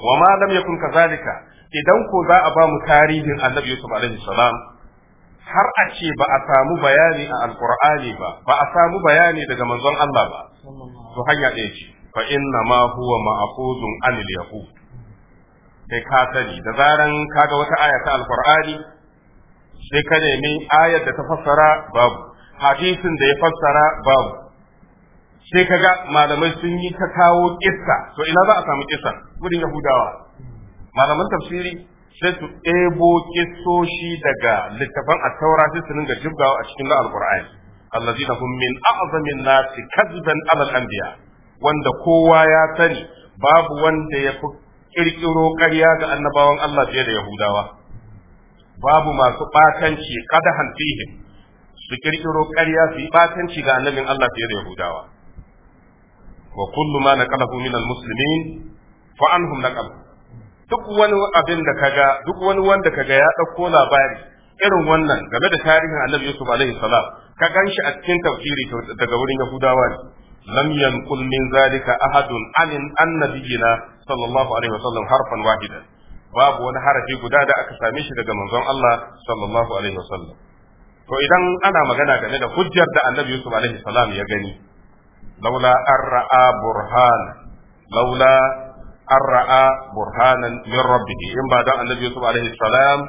wa ma lam yakun kazalika idan ko za a bamu tarihin Annabi Yusuf alaihi salam har a ce ba a samu bayani a alqur'ani ba ba a samu bayani daga manzon Allah ba to hanya ɗaya ce fa inna ma huwa ma'khuzun anil yahud sai ka sani da zaran kaga wata aya ta alqur'ani sai ka nemi ayar da ta fassara babu hadisin da ya fassara babu sai kaga malamai sun yi ta kawo kissa to ina za a samu kissa gudun yahudawa malaman tafsiri sai su ɗebo kissoshi daga littafan at-taura sai su ringa jibgawa a cikin alqur'ani qurani hum min a'zamin nasi kazban ala al-anbiya wanda kowa ya sani babu wanda ya fi kirkiro ƙarya ga annabawan Allah fiye da Yahudawa babu masu batanci kada hanfihim su kirkiro ƙarya su yi batanci ga annabin Allah fiye da Yahudawa wa kullu ma naqalahu min almuslimin fa anhum naqal duk wani abin da kaga duk wani wanda kaga ya dauko labari irin wannan game da tarihin Annabi Yusuf alaihi salam ka ganshi a cikin tafsiri daga wurin Yahudawa ne lam yanqul min zalika ahadun anin annabiyina sallallahu alaihi wasallam harfan wahida babu wani harafi guda da aka same shi daga manzon Allah sallallahu alaihi wasallam to idan ana magana game da hujjar da annabi Yusuf alaihi salam ya gani laula arra'a burhan laula arra'a burhanan min in ba dan annabi Yusuf alaihi salam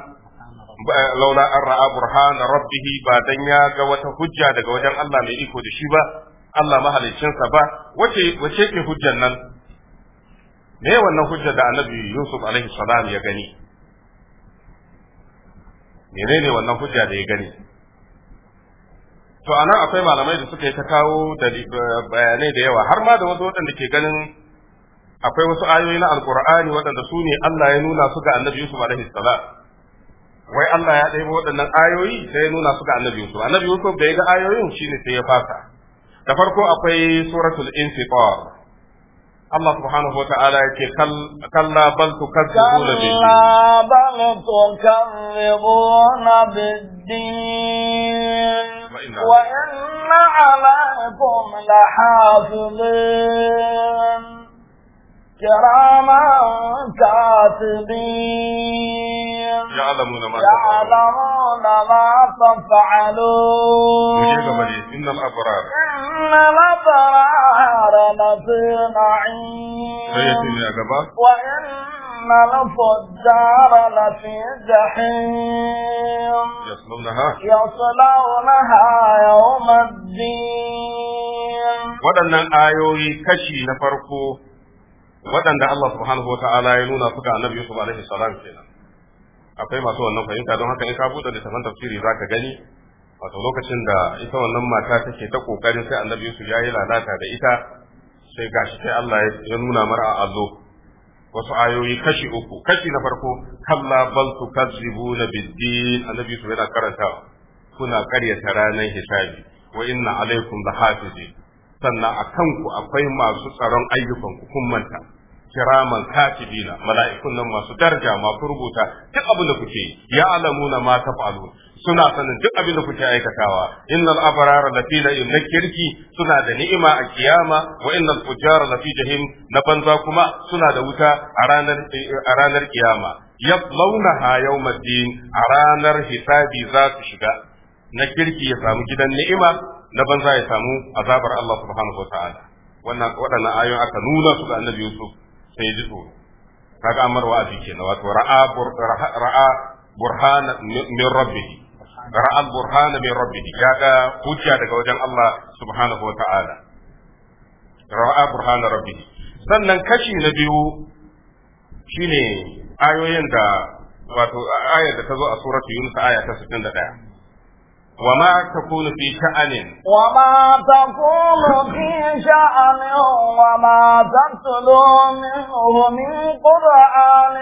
laula arra'a burhan rabbih ba dan ya ga wata hujja daga wajen Allah mai iko da shi ba Allah mahaliccinsa ba wace hujjar nan me wannan hujja da annabi yusuf alaihi salam ya gani menene wannan hujja da ya gani to anan akwai malamai da suka yi ta kawo bayanai da yawa har ma da wasu waɗanda ke ganin akwai wasu ayoyi na alkur'ani waɗanda su ne Allah ya nuna su ga annabi yusuf alaihi salam wai Allah ya ɗaya waɗannan ayoyi sai ya nuna su ga annabi yusuf annabi yusuf da ya ga ayoyin shine sai ya fasa da farko akwai suratul infitar الله سبحانه وتعالى كلا بل تكذبون به
كلا بل تكذبون بالدين وإن عليكم لحافظين كراما كاتبين يعلمون ما يعلمون ما تفعلون
إن الأبرار
إن الأبرار لفي نعيم وإن الفجار لفي جحيم
يصلونها
يصلونها يوم الدين
waɗannan ayoyi kashi na farko waɗanda Allah subhanahu wa ta'ala ya nuna suka annabi Yusuf alaihi salam kenan akwai masu wannan fahimta don haka in ka buɗe littafin tafsiri zaka gani wato lokacin da ita wannan mata take ta kokarin sai annabi Yusuf ya yi lalata da ita sai gashi sai Allah ya nuna mara zo. wasu ayoyi kashi uku kashi na farko kalla bal tukadzibuna bid annabi Yusuf yana karanta kuna karyata ranar hisabi wa inna alaikum lahafizin sannan a kanku akwai masu tsaron ayyukan kun manta kiraman katibina mala'ikun nan masu daraja masu rubuta duk abin da kuke ya alamuna ma taf'alun suna sanin duk abin da kuke aikatawa innal abrara lafi na'im na kirki suna da ni'ima a kiyama wa innal fujara lafi jahim na banza kuma suna da wuta a ranar a ranar kiyama yaslaunaha yawmaddin a ranar hisabi za su shiga na kirki ya samu gidan ni'ima na banza ya samu azabar Allah subhanahu wa ta'ala wannan waɗannan ayoyin aka nuna su ga annabi Yusuf sai ji tsoro kaga amar wa'azi kenan wato ra'a ra'a burhana min rabbih ra'a burhana min rabbih kaga hujja daga wajen Allah subhanahu wa ta'ala ra'a burhana rabbih sannan kashi na biyu shine ayoyin da wato ayar da ta zo a suratu Yunus aya ta 61 وما تكون في شأن
وما تكون في شأن وما تتلو منه من قرآن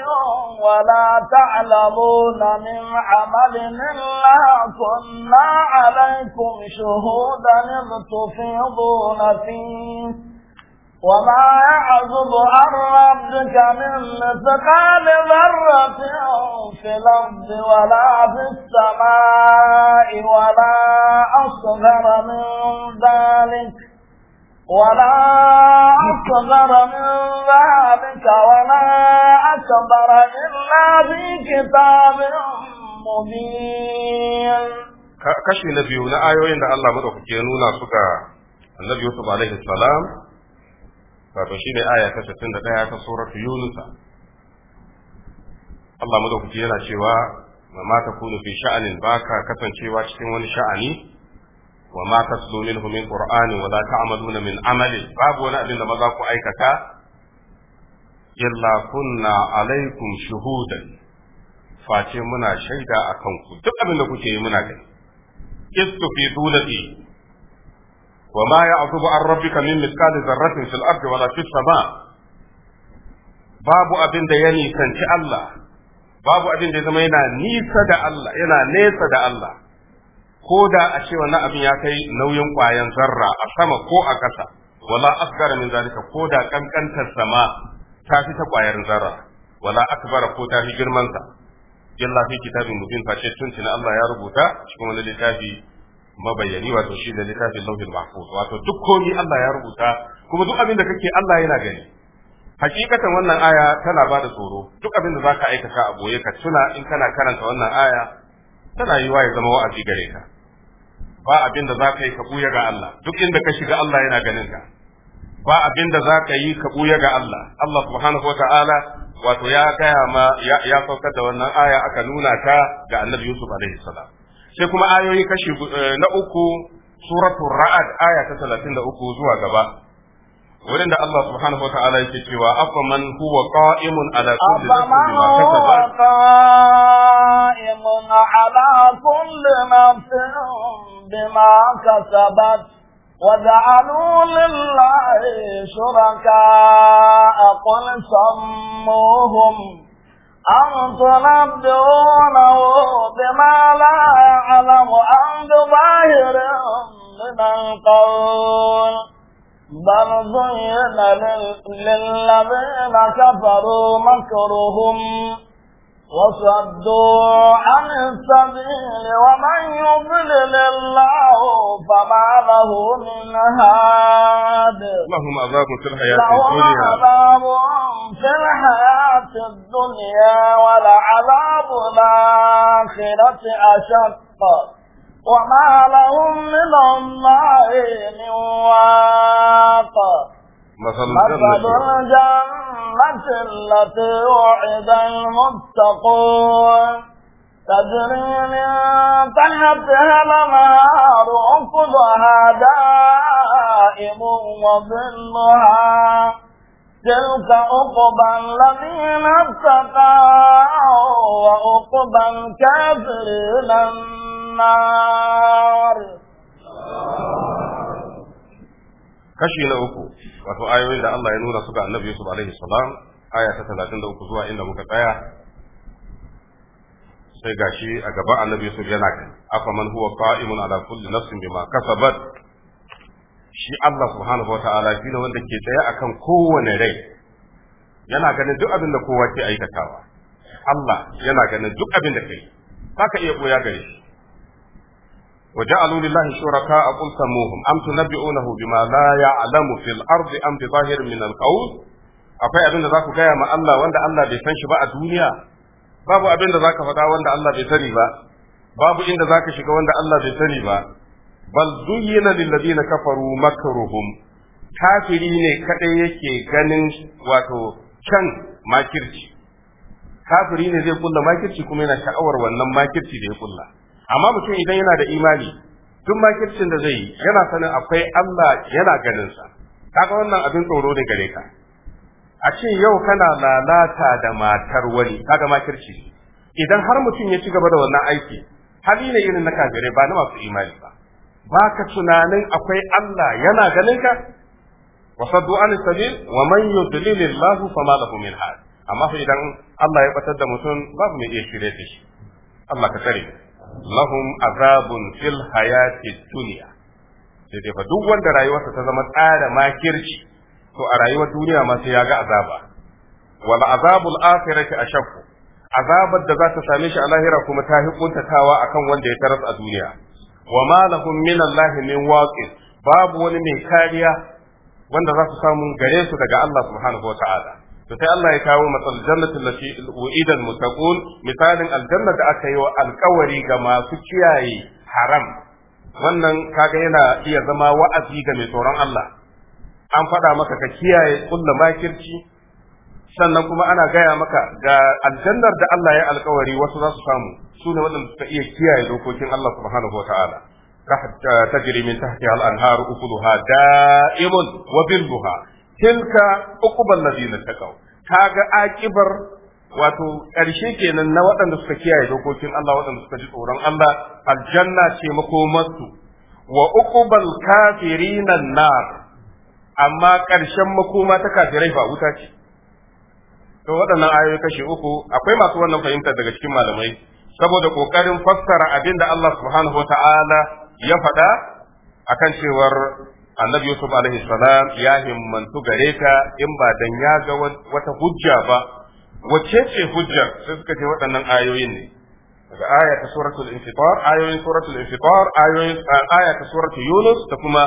ولا تعلمون من عمل إلا كنا عليكم شهودا إذ تفيضون فيه وما يعزب عن ربك من مثقال ذرة في الأرض ولا في السماء ولا أصغر من ذلك ولا أصغر من ذلك ولا أكبر إلا في كتاب مبين
كشف نبينا آيوين الله مدعوك جنونا سكا النبي يوسف عليه السلام wato shi ne aya ta ɗaya ta suratu Yunusa. Allah madaukaki yana cewa wa ma kunu fi sha'anin baka kasancewa cikin wani sha'ani wa ma taslu minhu min qur'ani wa la ta'maluna min amali babu wani abin da maza ku aikata illa kunna alaikum shuhudan face muna shaida akan ku duk abin da kuke yi muna gani fi dunati wa ma ya'zubu an rabbika min mithqali dharratin fil ardi wala fis sama babu abin da ya nisanci Allah babu abin da ya zama yana nisa da Allah yana nesa da Allah ko da a ce wannan abin ya kai nauyin kwayan zarra a sama ko a ƙasa wala asgara min zalika ko da kankantar sama tafi ta kwayar zarra wala akbara ko ta fi girman sa illa fi kitabin mubin face tun na Allah ya rubuta cikin wani littafi mabayyani wato shi da littafin lauhin mahfuz wato duk komi Allah ya rubuta kuma duk abin da kake Allah yana gani hakikatan wannan aya tana bada tsoro duk abin da zaka aikata a goye, ka tuna in kana karanta wannan aya tana yiwa ya zama wa'azi gare ka ba abin da zaka yi ka buya ga Allah duk inda ka shiga Allah yana ganin ka ba abin da zaka yi ka buya ga Allah Allah subhanahu wata'ala wato ya gaya ma ya saukar da wannan aya aka nuna ta ga Annabi Yusuf alaihi salam sai kuma ayoyi kashi eh, na uku suratul ra'ad aya ta 33 zuwa gaba wurin da Allah subhanahu wataala yake cewa afaman huwa qa'imun ala kulli nafsin bima
kasaba qa'imun ala kulli nafsin bima kasabat وجعلوا لله شركاء قل سموهم أم تنبئونه بما لا يعلم أم بظاهر من القول بل زين للذين كفروا مكرهم وصدوا عن السبيل ومن يضلل الله فما له من هاد لهم عذاب في الحياة الدنيا عذاب في الحياة الدنيا ولعذاب الآخرة أشق وما لهم من الله من واق مثل الجنة التي وعد المتقون تجري من تحتها الأنهار عقبها دائم وظلها تلك عقبى الذين اتقوا وعقبى الكافرين النار
kashi na uku wato ayoyin da Allah ya nuna su ga Annabi Yusuf alaihi salam aya ta 33 zuwa inda muka tsaya sai gashi a gaba Annabi Yusuf yana kan afa man huwa qa'imun ala kulli nafsin bima kasabat shi Allah subhanahu wataala shi ne wanda ke tsaye akan kowane rai yana ganin duk abin da kowa ke aikatawa Allah yana ganin duk abin da kai ka iya koya gare shi وجعلوا لله شركاء قل سموهم أم تنبئونه بما لا يعلم في الأرض أم بظاهر من القول akwai abin da za ku gaya ma Allah wanda Allah bai san shi ba a duniya babu abin da za ka faɗa wanda Allah bai sani ba babu inda za ka shiga wanda Allah bai sani ba bal na lillazina kafaru makruhum kafiri ne kaɗai yake ganin wato can makirci kafiri ne zai kulla makirci kuma yana sha'awar wannan makirci da ya kulla amma mutum idan yana da imani duk makircin da zai yi yana sanin akwai Allah yana ganin sa kaga wannan abin tsoro ne gare ka a ce yau kana lalata da matar wani kaga kirci idan har mutum ya ci gaba da wannan aiki hali ne irin na kafire ba na masu imani ba baka tunanin akwai Allah yana ganin ka saddu an sabil wa man yudlil Allah ma lahu min hal amma idan Allah ya batar da mutum babu mai iya shirye da shi Allah ka tsare lahum azabun fil hayati dunya sai fa duk wanda rayuwarsa ta zama tsara makirci to a rayuwar duniya ma sai ya ga azaba wal azabul akhirati ashaqqu azabar da za ta same shi a lahira kuma ta hukuntatawa akan wanda ya taras a duniya wa ma lahum min allahi min waqi babu wani mai kariya wanda za su samu gare su daga Allah subhanahu wa sai Allah ya kawo masal jannatu lati uidan muttaqun misalin aljanna da aka yi wa alkawari ga masu kiyaye haram wannan kaga yana iya zama wa'azi ga mai tsoron Allah an faɗa maka ka kiyaye kullum makirci sannan kuma ana gaya maka ga aljannar da Allah ya alkawari wasu za su samu su ne waɗanda suka iya kiyaye dokokin Allah subhanahu wa ta'ala تجري من تحتها الأنهار أكلها wa وظلها tilka uqbal ladina taqaw kaga akibar wato ƙarshe kenan na waɗanda suka kiyaye dokokin Allah waɗanda suka ji tsoron Allah aljanna ce makomarsu wa uqbal kafirina nar amma ƙarshen makoma ta kafirai ba wuta ce to waɗannan ayoyi kashe uku akwai masu wannan fahimta daga cikin malamai saboda ƙoƙarin fassara abin da Allah subhanahu wa ta'ala ya faɗa akan cewar annabi yusuf alaihi salam ya himmantu gare ka in ba dan ya ga wata hujja ba wace ce hujjar sai suka ce waɗannan ayoyin ne daga aya ta suratul infitar ayoyin suratul infitar ayoyin aya ta suratul yunus da kuma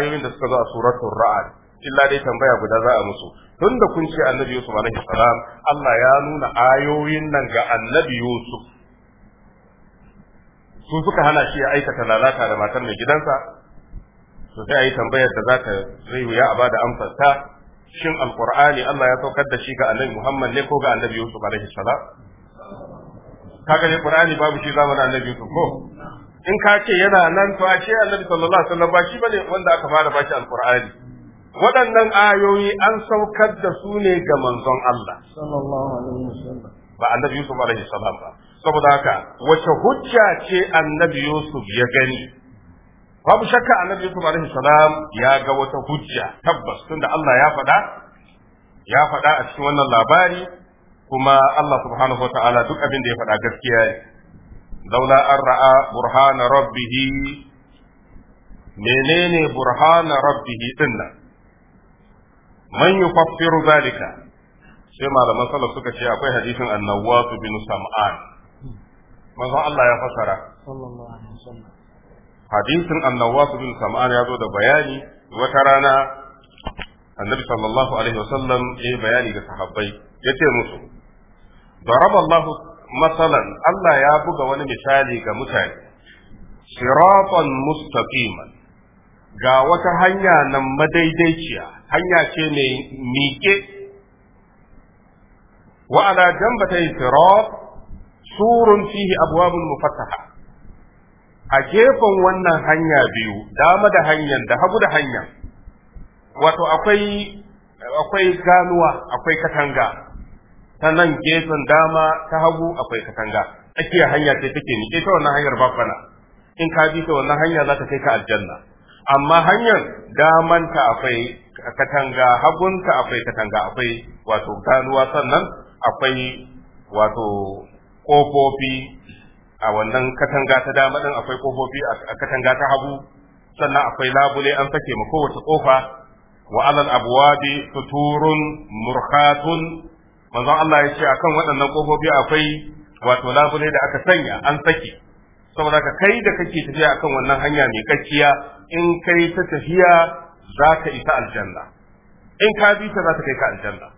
ayoyin da suka zo a suratul ra'd illa dai tambaya guda za a musu tun da kun ce annabi yusuf alaihi salam Allah ya nuna ayoyin nan ga annabi yusuf su suka hana shi ya aikata lalata da matar mai gidansa to sai a yi tambayar da za ka zai wuya a bada amsar shin alqur'ani Allah ya saukar da shi ga annabi Muhammad ne ko ga annabi Yusuf alaihi salam ka ga qur'ani babu shi zamanin annabi Yusuf ko in ka ce yana nan to ashe annabi sallallahu alaihi wasallam ba shi bane wanda aka fara shi alqur'ani waɗannan ayoyi an saukar da su ne ga manzon Allah sallallahu alaihi wasallam ba annabi Yusuf alaihi salam ba saboda haka wace hujja ce annabi Yusuf ya gani babu shakka annabi yusuf alaihi salam ya ga wata hujja tabbas tunda Allah ya faɗa ya faɗa a cikin wannan labari kuma Allah subhanahu wataala duk abin da ya faɗa gaskiya ne Zauna an ra'a burhana rabbih menene burhana rabbih din nan man yufaffiru zalika sai malaman salaf suka ce akwai hadisin annawas bin sam'an manzon Allah ya fasara sallallahu alaihi wasallam hadisin annawas bin sam'an ya zo da bayani wata rana annabi sallallahu alaihi wasallam ya bayani ga sahabbai ya ce musu daraballahu masalan Allah ya buga wani misali ga mutane siratan mustaqiman ga wata hanya nan madaidaiciya hanya ce mai miƙe wa ala jambata sirat surun fihi abwabun mufattaha a gefen wannan hanya biyu dama da hanyar da hagu da hanyar wato akwai akwai ganuwa akwai katanga ta nan gefen dama ta hagu akwai katanga ake hanya ce take ni ta wannan hanyar babbana in ka bi ta wannan hanya za ta kai ka aljanna amma hanyar damanta akwai katanga hagunta akwai katanga akwai wato ganuwa sannan akwai wato kofofi. a wannan katanga ta dama din akwai kofofi a katanga ta hagu sannan akwai labule an sake ma kowace kofa wa alal abwabi suturun murkhatun manzon Allah ya ce akan waɗannan kofofi akwai wato labule da aka sanya an sake saboda ka kai da kake tafiya akan wannan hanya mai kakkiya in kai ta tafiya za ka isa aljanna in ka bi ta za ta kai ka aljanna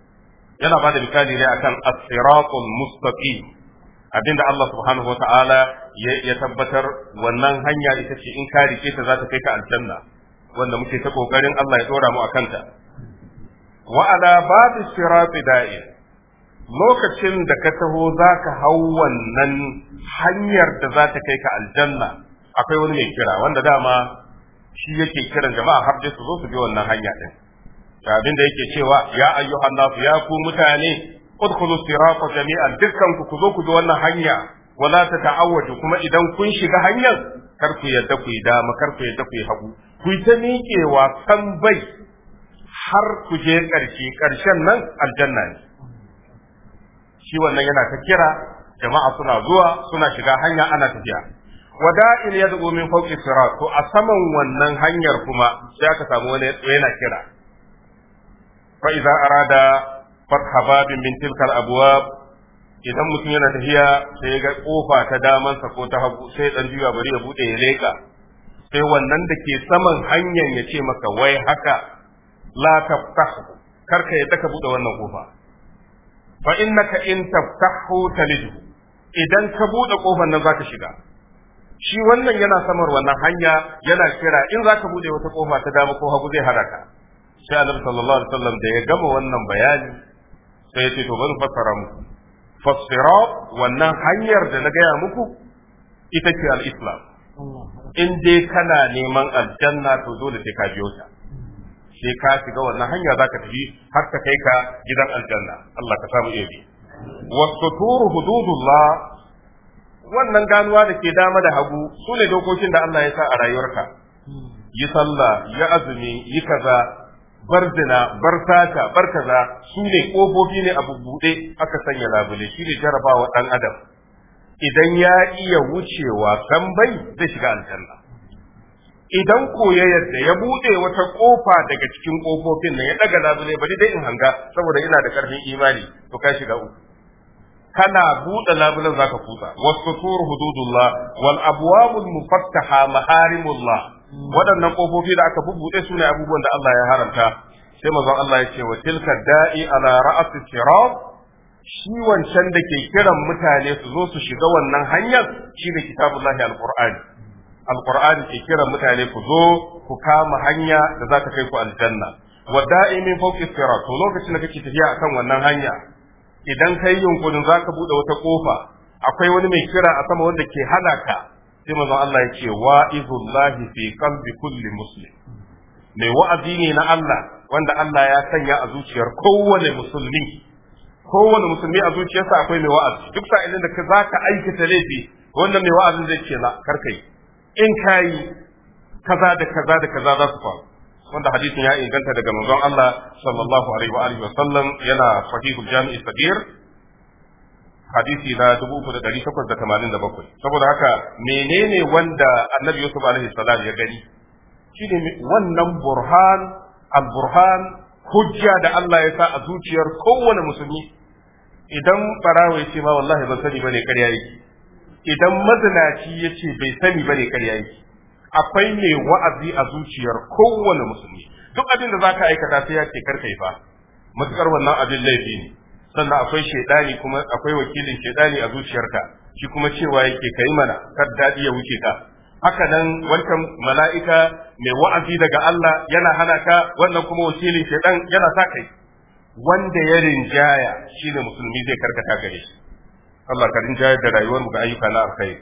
yana ba da misali ne akan as-siratul mustaqim abinda Allah subhanahu wa ta'ala ya tabbatar wannan hanya ita ce in ka rike ta za ta kai ka aljanna wanda muke ta kokarin Allah ya dora mu a kanta wa ala babu sirati da'i lokacin da ka taho za ka hau wannan hanyar da za ta kai ka aljanna akwai wani mai kira wanda dama shi yake kiran jama'a har dai su zo su bi wannan hanya din abin da yake cewa ya ayyuhan nasu ya ku mutane udkhulu sirata jami'an dukkan ku ku zo ku bi wannan hanya wala ta ta'awwaju kuma idan kun shiga hanyar kar ku yadda ku yi dama kar ku yadda ku yi hagu ku yi ta miƙewa san bai har ku je ƙarshe ƙarshen nan aljanna ne shi wannan yana ta kira jama'a suna zuwa suna shiga hanya ana tafiya ya yad'u min fawqi sirat a saman wannan hanyar kuma sai aka samu wani yana kira fa idza arada fatha babin min tilkal abwab idan mutum yana tafiya sai ga kofa ta damansa ko ta hagu sai dan juya bari ya bude ya leka sai wannan da ke saman hanyar ya ce maka wai haka la taftah karka ya daka bude wannan kofa fa innaka in taftahu talidu idan ka bude kofar nan zaka shiga shi wannan yana samar wannan hanya yana kira in zaka bude wata kofa ta dama ko hagu zai haraka sai annabi sallallahu alaihi wasallam da ya gama wannan bayani sai ce to bari fassara muku fasirat wannan hanyar da na gaya muku ita ce al-islam in dai kana neman aljanna to dole sai ka biyo ta sai ka shiga wannan hanya zaka tafi har ka kai ka gidan aljanna Allah ka samu iya bi hududullah wannan ganuwa da ke dama da hagu su ne dokokin da Allah ya sa a rayuwarka yi sallah yi azumi yi kaza bar zina bar sata bar kaza su ne kofofi ne a buɗe, aka sanya labule shi ne jarabawa ɗan adam idan ya iya wucewa kan bai zai shiga aljanna idan ko ya yadda ya buɗe wata kofa daga cikin kofofin nan ya daga labule bari dai in hanga saboda ina da karfin imani to ka shiga uku kana buɗe labulen zaka kusa wasu hududullah wal abwabul mufattaha maharimullah waɗannan kofofi da aka bubbuɗe su ne abubuwan da Allah ya haramta sai manzon Allah ya ce wa tilka da'i ala ra'asi sirat shi wancan da ke kiran mutane su zo su shiga wannan hanyar al kitabullahi Al-Ƙur'ani ke kiran mutane ku zo ku kama hanya da za ta kai ku aljanna wa da'imin fawqi sirat to lokacin da kake tafiya akan wannan hanya idan kai yunkurin zaka buɗe wata kofa akwai wani mai kira a sama wanda ke hana ka sai manzon Allah ya ce wa'izullahi fi qalbi kulli muslim mai wa'azi ne na Allah wanda Allah ya sanya a zuciyar kowane musulmi kowane musulmi a zuciyarsa akwai mai wa'azi duk sa'ilin da ka zaka aikata laifi wannan mai wa'azin zai ce la karkai in kai kaza da kaza da kaza za su faru wanda hadisin ya inganta daga manzon Allah sallallahu alaihi wa alihi wa sallam yana sahihul jami'i sabir hadisi na bakwai saboda haka menene wanda annabi yusuf alaihi salam ya gani shine wannan burhan al-burhan hujja da Allah ya sa a zuciyar kowane musulmi idan barawo ya ce ma wallahi ban sani bane ƙarya yake idan mazinaci ya ce bai sani bane ƙarya yake akwai ne wa'azi a zuciyar kowane musulmi duk abin da zaka aikata sai ya ce karkai fa matukar wannan abin laifi ne sannan akwai shedani kuma akwai wakilin shedani a zuciyarka shi kuma cewa yake kai mana kar dadi ya wuce ka haka nan wancan mala'ika mai wa'azi daga Allah yana hana ka wannan kuma wakilin shaidan yana sa kai wanda ya rinjaya shi musulmi zai karkata gare shi Allah ka rinjaya da rayuwar mu ga ayyuka na alkhair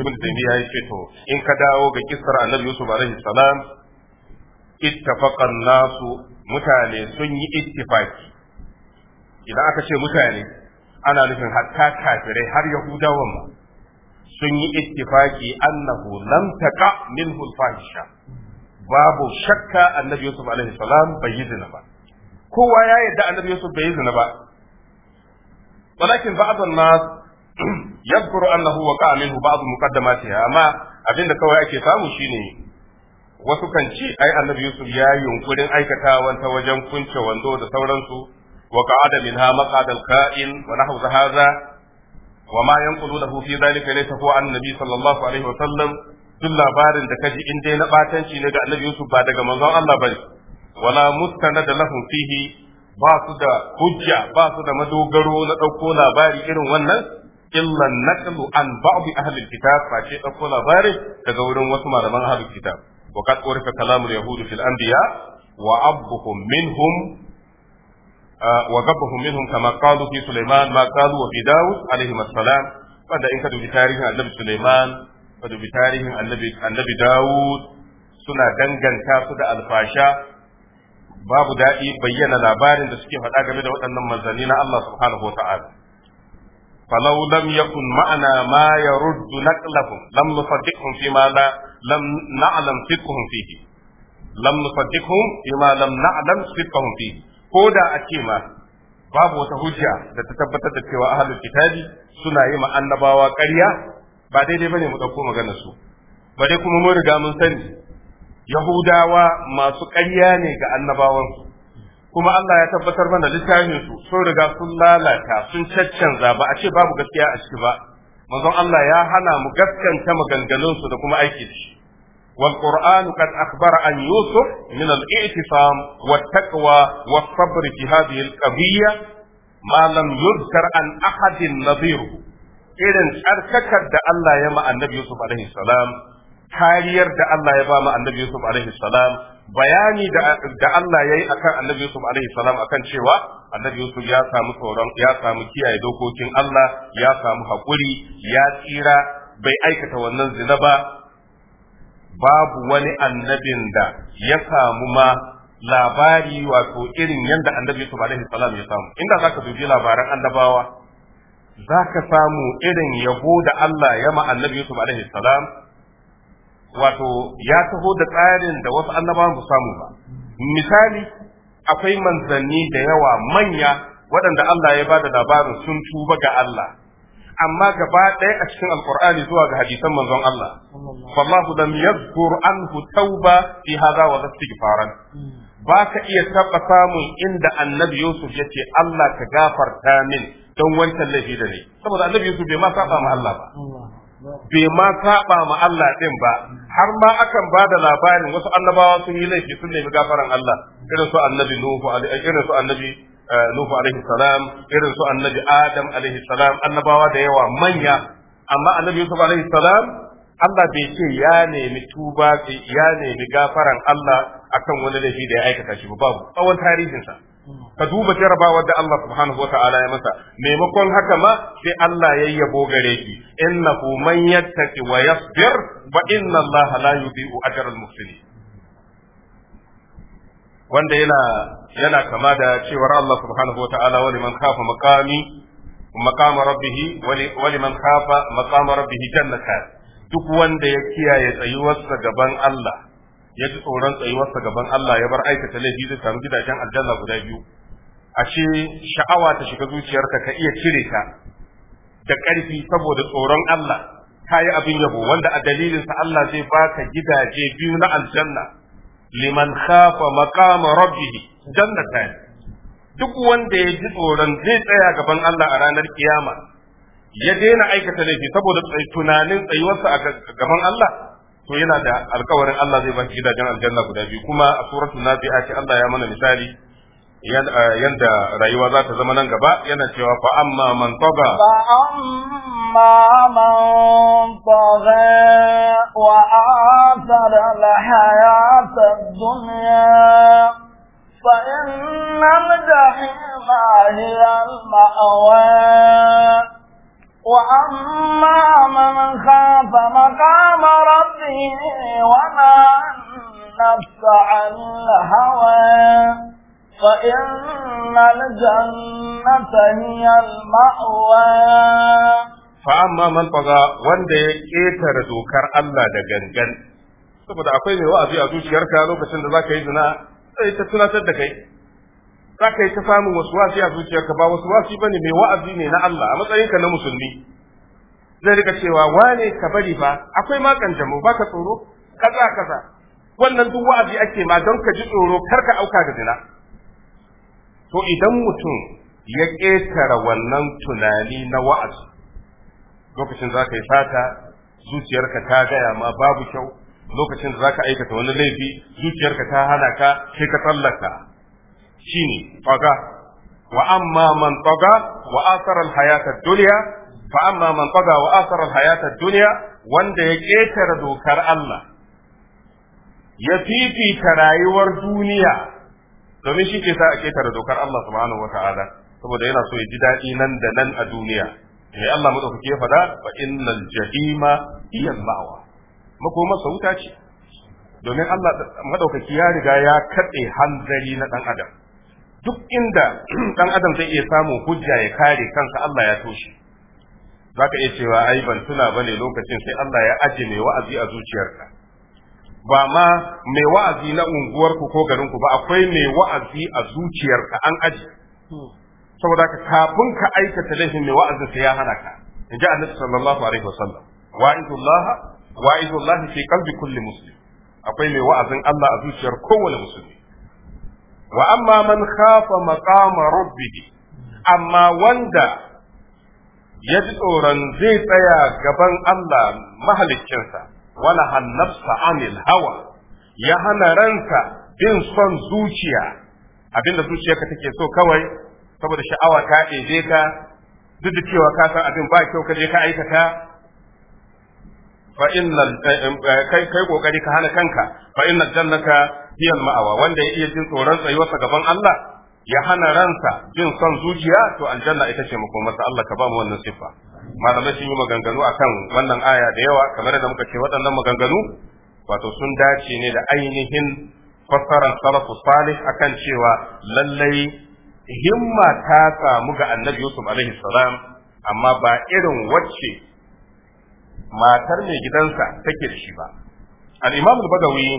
ibn taymiya ya ce to in ka dawo ga kissar annabi yusuf alaihi salam ittafaqa nasu mutane sun yi ittifaki idan aka ce mutane ana nufin hatta kafirai har yahudawan ma sun yi ittifaki annahu lam taqa minhu al-fahisha babu shakka annabi yusuf alaihi salam bai yi zina ba kowa ya yadda annabi yusuf bai yi zina ba walakin ba'd an-nas yadhkuru annahu waqa'a minhu ba'd muqaddamatiha amma abinda kawai ake samu shine wasu kan ce ai annabi yusuf ya yi yunkurin aikata wanta wajen kunce wando da sauransu وقعد منها مقعد الكائن ونحو هذا وما ينقل له في ذلك ليس هو عن النبي صلى الله عليه وسلم duk labarin da kaji in dai na batanci ne ga Annabi Yusuf ba daga manzon Allah bane wala mustanad lahum fihi ba su da hujja ba su da madogaro na ɗauko labari irin wannan illa naqlu an ba'd ahli alkitab fa ce dauko labari daga wurin wasu malaman ahli alkitab wa qad urfa kalamul yahud fil anbiya wa abbuhum minhum آه، وغبهم منهم كما قالوا في سليمان ما قالوا وفي داود عليهم السلام بعد ان كانوا بتاريخ النبي سليمان كانوا بتاريخ النبي النبي داود سنا دنجن كاسو الفاشا باب دائي بين الابار ان فتا قبل ودن الله سبحانه وتعالى فلو لم يكن معنا ما يرد نقلهم لم نصدقهم فيما لا لم نعلم صدقهم فيه لم نصدقهم فيما لم نعلم صدقهم فيه ko da a ce ma babu wata hujja da ta tabbatar da cewa ahlul kitabi suna yi ma annabawa ƙarya ba daidai bane mu ɗauko maganar su ba dai kuma mun riga mun sani yahudawa masu ƙarya ne ga annabawan kuma Allah ya tabbatar mana littafin su sun riga sun lalata sun caccanza ba a ce babu gaskiya a ciki ba manzon Allah ya hana mu gaskanta maganganun su da kuma aiki da والقرآن قد أخبر عن يوسف من الاعتصام والتقوى والصبر في هذه القضية ما لم يذكر عن أحد نظيره إذن أرككت دا الله يما النبي يوسف عليه السلام كارير دا الله يبا النبي يوسف عليه السلام bayani da Allah ya yi a kan annabi Yusuf alaihi salam a kan cewa annabi Yusuf ya samu tsoron ya samu kiyaye dokokin Allah ya samu haƙuri ya tsira bai aikata wannan zina ba babu wani annabin da ya samu ma labari wato irin yadda annabi Yusuf alaihi salam ya samu inda zaka dubi labaran annabawa zaka samu irin yabo da Allah ya ma annabi Yusuf alaihi salam wato ya taho da tsarin da wasu annabawan ba samu ba misali akwai manzanni da yawa manya waɗanda Allah ya ba da labarin sun tuba ga Allah amma gaba ɗaya a cikin alkur'ani zuwa ga hadisan manzon Allah wallahu lam yadhkur anhu tauba fi hadha wa istighfaran hmm. ba ka iya taɓa samun inda annabi Yusuf ya ce Allah ka gafarta min don wancan laifi da ne saboda annabi Yusuf bai ma saba ma Allah
ba
bai ma saba ma Allah din ba hmm. har ma akan ba da labarin wasu annabawa sun yi laifi sun nemi gafaran Allah irin su annabi Nuhu irin su annabi Eh, nuhu alaihi salam irin su annabi adam alaihi salam annabawa da yawa manya amma annabi yusuf alaihi salam Allah bai ce ya nemi tuba ya nemi gafaran Allah akan wani laifi da ya aikata shi ba babu tsawon tarihinsa ka duba jarabawar da Allah subhanahu wata'ala ya masa maimakon haka ma sai Allah ya yabo gare shi innahu man yattaqi wa yasbir wa inna Allah la yudhi'u ajral muhsinin wanda yana yana kama da cewar Allah subhanahu wata'ala wa liman khafa maqami maqam rabbih wa liman khafa maqam rabbih jannatan duk wanda ya kiyaye tsayuwarsa gaban Allah ya ji tsoron tsayuwarsa gaban Allah ya bar aikata laifi zai samu gidajen aljanna guda biyu ashe sha'awa ta shiga zuciyarka ka iya cire ta da ƙarfi saboda tsoron Allah ka yi abin yabo wanda a dalilinsa Allah zai baka gidaje biyu na aljanna liman khafa maqama rabbih jannatan duk wanda ya ji tsoron zai tsaya gaban Allah a ranar kiyama ya daina aikata laifi saboda tunanin tsayuwarsa a gaban Allah to yana da alkawarin Allah zai ba shi gidajen aljanna guda biyu kuma a suratul nazi'ati Allah ya mana misali yanda rayuwa za ta zama nan gaba yana cewa fa amma man taga
fa amma man taga wa athara al-hayat ad-dunya al ma'wa wa amma man khafa maqam مقام wa ونهى nafsa عن hawa فإن الجنة هي المأوى
فأما من طغى وند يكيتر دوكر الله دغنغن saboda akwai mai wa'azi a zuciyarka lokacin da zaka yi zina sai ta ذاك da kai zaka yi ta samun wasi a zuciyarka ba wasuwasi bane mai wa'azi ne na Allah a matsayinka na musulmi zai rika cewa wane ka bari ba akwai ma ba ka tsoro kaza kaza wannan duk wa'azi ake ma don ka ji tsoro kar ka auka da zina to idan mutum ya ƙetare wannan tunani na wa'azi lokacin za ka yi fata zuciyarka ta gaya ma babu kyau lokacin da za ka aikata wani laifi zuciyarka ta hana ka sai ka tsallaka shi ne, faga wa amma man faga wa asarar hayatar duniya, fa amma man faga wa asarar hayatar duniya, wanda ya ƙetare dokar Allah ya fifita rayuwar duniya domin shi ke sa a ketare dokar Allah subhanahu wata'ala saboda yana so ya ji daɗi nan da nan a duniya me Allah madaukake ke faɗa fa innal jahima hiya mawa makoma sauta ce domin Allah madaukaki ya riga ya kaɗe hanzari na ɗan adam duk inda dan adam zai iya samu hujja ya kare kansa Allah ya toshe zaka iya cewa ai ban tuna bane lokacin sai Allah ya ajiye mai wa'azi a zuciyarka ba ma mai wa'azi na unguwarku ko garinku ba akwai mai wa'azi a zuciyarka an aji saboda ka kafin ka aikata laifin mai wa'azin sai ya hana ka in ji annabi sallallahu alaihi wasallam wa'izullah wa'izullah fi qalbi kulli muslim akwai mai wa'azin Allah a zuciyar kowane musulmi wa amma man khafa maqama rabbih amma wanda ya ji tsoron zai tsaya gaban Allah mahaliccinsa wala hannafsa anil hawa ya hana ranka bin son zuciya abinda zuciyarka take so kawai saboda sha'awa ta ɗebe ka duk da cewa ka san abin ba kyau ka je ka aikata fa innal kai kai kokari ka hana kanka fa innal jannata hiya ma'awa wanda ya iya jin tsoron tsayuwarsa gaban Allah ya hana ransa jin son zuciya to aljanna ita ce makomarsa Allah ka ba mu wannan siffa malamai sun yi maganganu akan wannan aya da yawa kamar da muka ce waɗannan maganganu wato sun dace ne da ainihin fassarar salafu salih akan cewa lallai himma ta samu ga annabi yusuf alaihi salam amma ba irin wacce matar mai gidansa take da shi ba al'imam al-bagawi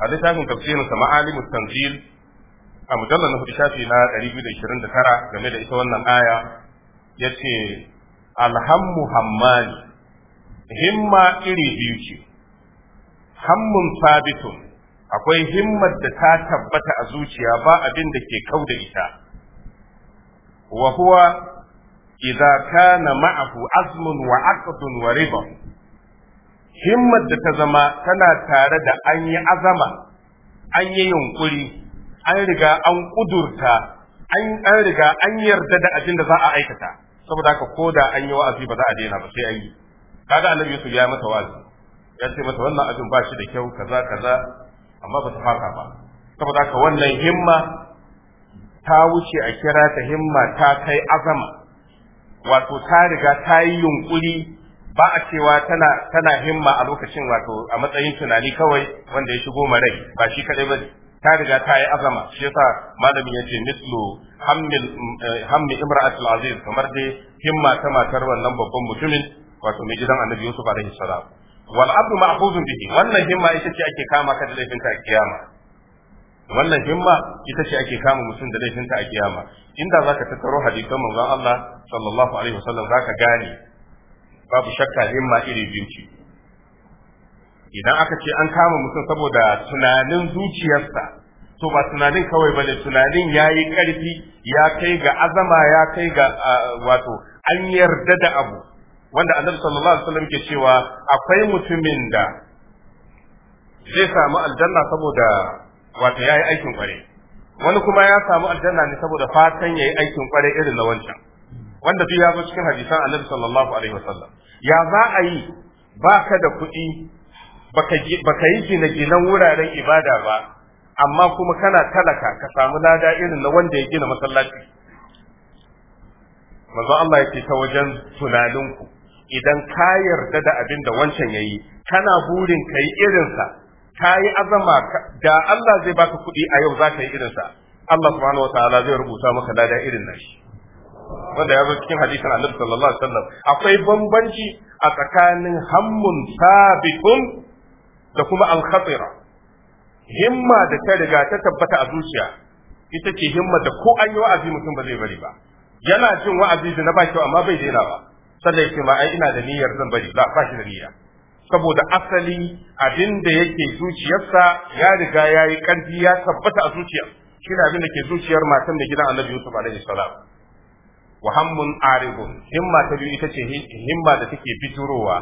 a littafin tafsirin sa ma'alimu tanzil a mujallar na hudu shafi na 229 game da ita wannan aya yace alhammu hammani himma iri biyu ce hammun sabitun akwai himmar da ta tabbata a zuciya ba abin da ke kau da ita wa huwa idza kana ma'ahu azmun wa aqdun wa riba himmar da ta zama tana tare da an yi azama an yi yunkuri an riga an kudurta an riga an yarda da abin da za a aikata saboda haka ko da an yi wa'azi ba za a daina ba sai an yi kaga annabi Yusuf ya mata wa'azi ya ce mata wannan abin ba shi da kyau kaza kaza amma ba ta fara ba saboda haka wannan himma ta wuce a kira ta himma ta kai azama wato ta riga ta yi yunkuri ba a cewa tana tana himma a lokacin wato a matsayin tunani kawai wanda ya shigo marai ba shi kadai bane ta riga ta yi azama shi yasa malamin ya ce mislu eh, hammi imra'atul aziz kamar dai himma ta matar wannan babban mutumin wato mai gidan annabi yusuf alaihi salam wal abdu ma'khuzun bihi wannan himma ita ce ake kama ka da laifin ta kiyama wannan himma ita ce ake kama mutum da laifin ta a kiyama inda zaka tattaro hadisan manzon Allah sallallahu alaihi wasallam zaka gane babu shakka himma iri biyu idan aka ce an kama mutum saboda tunanin zuciyarsa to ba tunanin kawai bane tunanin ya yi ƙarfi ya kai ga azama ya kai ga wato an yarda da abu wanda annabi sallallahu alaihi wasallam ke cewa akwai mutumin da zai samu aljanna saboda wato yayi aikin kware wani kuma ya samu aljanna ne saboda fatan yayi aikin kware irin na wancan wanda duk ya zo cikin hadisan annabi sallallahu alaihi wasallam ya za a yi baka da kuɗi baka yi gine-ginen wuraren ibada ba amma kuma kana talaka ka samu lada irin na wanda ya gina masallaci mazu Allah ya ta wajen tunaninku idan ka yarda da abin da wancan yi, kana burin ka yi irinsa ka yi azama da Allah zai baka kuɗi a yau za ka yi irinsa Allah subhanahu wa ta'ala zai rubuta maka lada irin na shi. wanda ya zo cikin hadisin Annabi sallallahu alaihi wasallam akwai bambanci a tsakanin hammun sabitun da kuma al-khatira himma da ta riga ta tabbata a zuciya ita ce himma da ko an yi wa'azi mutum ba zai bari ba yana jin wa'azi da na ba kyau amma bai daina ba sannan yake ma ai ina da niyyar zan bari ba ba shi da niyya saboda asali abin da yake zuciyarsa ya riga ya yi ƙarfi ya tabbata a zuciya, shi ne abin da ke zuciyar matan da gidan annabi yusuf alaihi salam wa hammun arigun himma ta biyu ita ce himma da take bidirowa.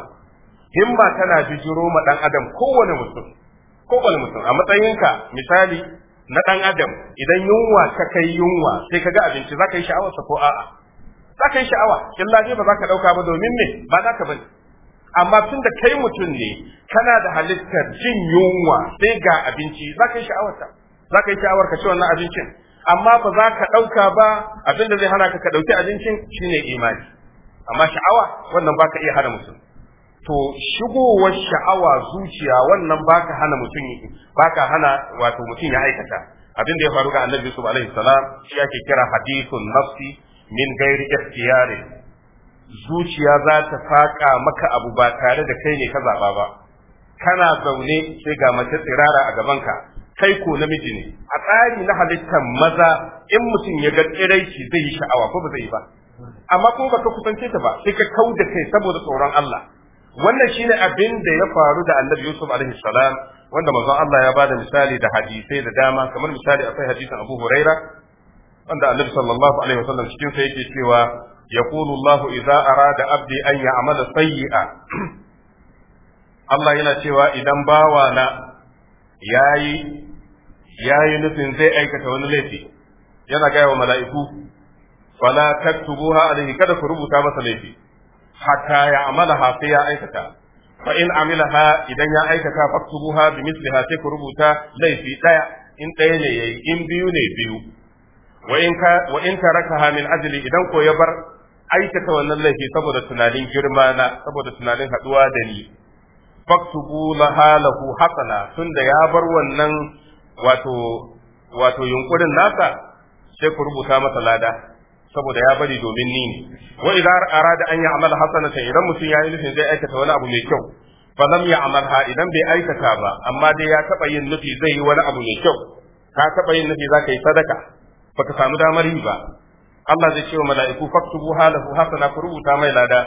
ba tana bijiro ma dan adam kowane mutum kowane mutum a matsayinka misali na dan adam idan yunwa ka kai yunwa sai ka ga abinci zaka yi sha'awar sa ko a'a zaka yi sha'awa illa dai ba za ka dauka ba domin me ba za ka bane amma tun da kai mutum ne kana da halittar jin yunwa sai ga abinci zaka yi sha'awar za zaka yi sha'awar ka ci wannan abincin amma ba za ka dauka ba abinda zai hana ka ka dauki abincin shine imani amma sha'awa wannan ba ka iya hana mutum to shigowar sha'awa zuciya wannan baka hana mutum baka hana wato mutum ya aikata abin da ya faru ga annabi yusuf alaihi salam shi ake kira hadithun nafsi min gairi ikhtiyari zuciya za ta faka maka abu ba tare da kai ne ka zaba ba kana zaune sai ga mace tsirara a gaban ka. kai ko namiji ne a tsari na halittar maza in mutum ya ga tsiraici zai yi sha'awa ko ba zai yi ba amma ko baka kusance ta ba sai ka kau da kai saboda tsoron Allah wannan shine abin da ya faru da annabi yusuf alaihi salam wanda manzon Allah ya bada misali da hadisai da dama kamar misali akwai hadisin abu huraira wanda annabi sallallahu alaihi wasallam cikin sa yake cewa yaqulu Allah idza arada abdi an ya'mala sayyi'a Allah yana cewa idan bawa na yayi yayi nufin zai aikata wani laifi yana gaya wa mala'iku fala taktubuha alaihi kada ku rubuta masa laifi hatta ya ha sai ya aikata fa in ha idan ya aikata faktubuha bi ha sai ku rubuta laifi daya in ɗaya ne yayi in biyu ne biyu wa in ka wa in tarakaha min ajli idan ko ya bar aikata wannan laifi saboda tunanin girma na saboda tunanin haduwa da ni faktubu laha lahu hasana tunda ya bar wannan wato wato yunkurin nasa sai ku rubuta masa lada saboda ya bari domin ni ne wa idza arada an ya'mal hasanatan idan mutum yayi nufin zai aikata wani abu mai kyau fa lam ya'malha idan bai aikata ba amma dai ya taba yin nufi zai yi wani abu mai kyau ka taba yin nufi zaka yi sadaka baka samu damar yi ba Allah zai ce wa mala'iku faktubu halahu hasana ku rubuta mai lada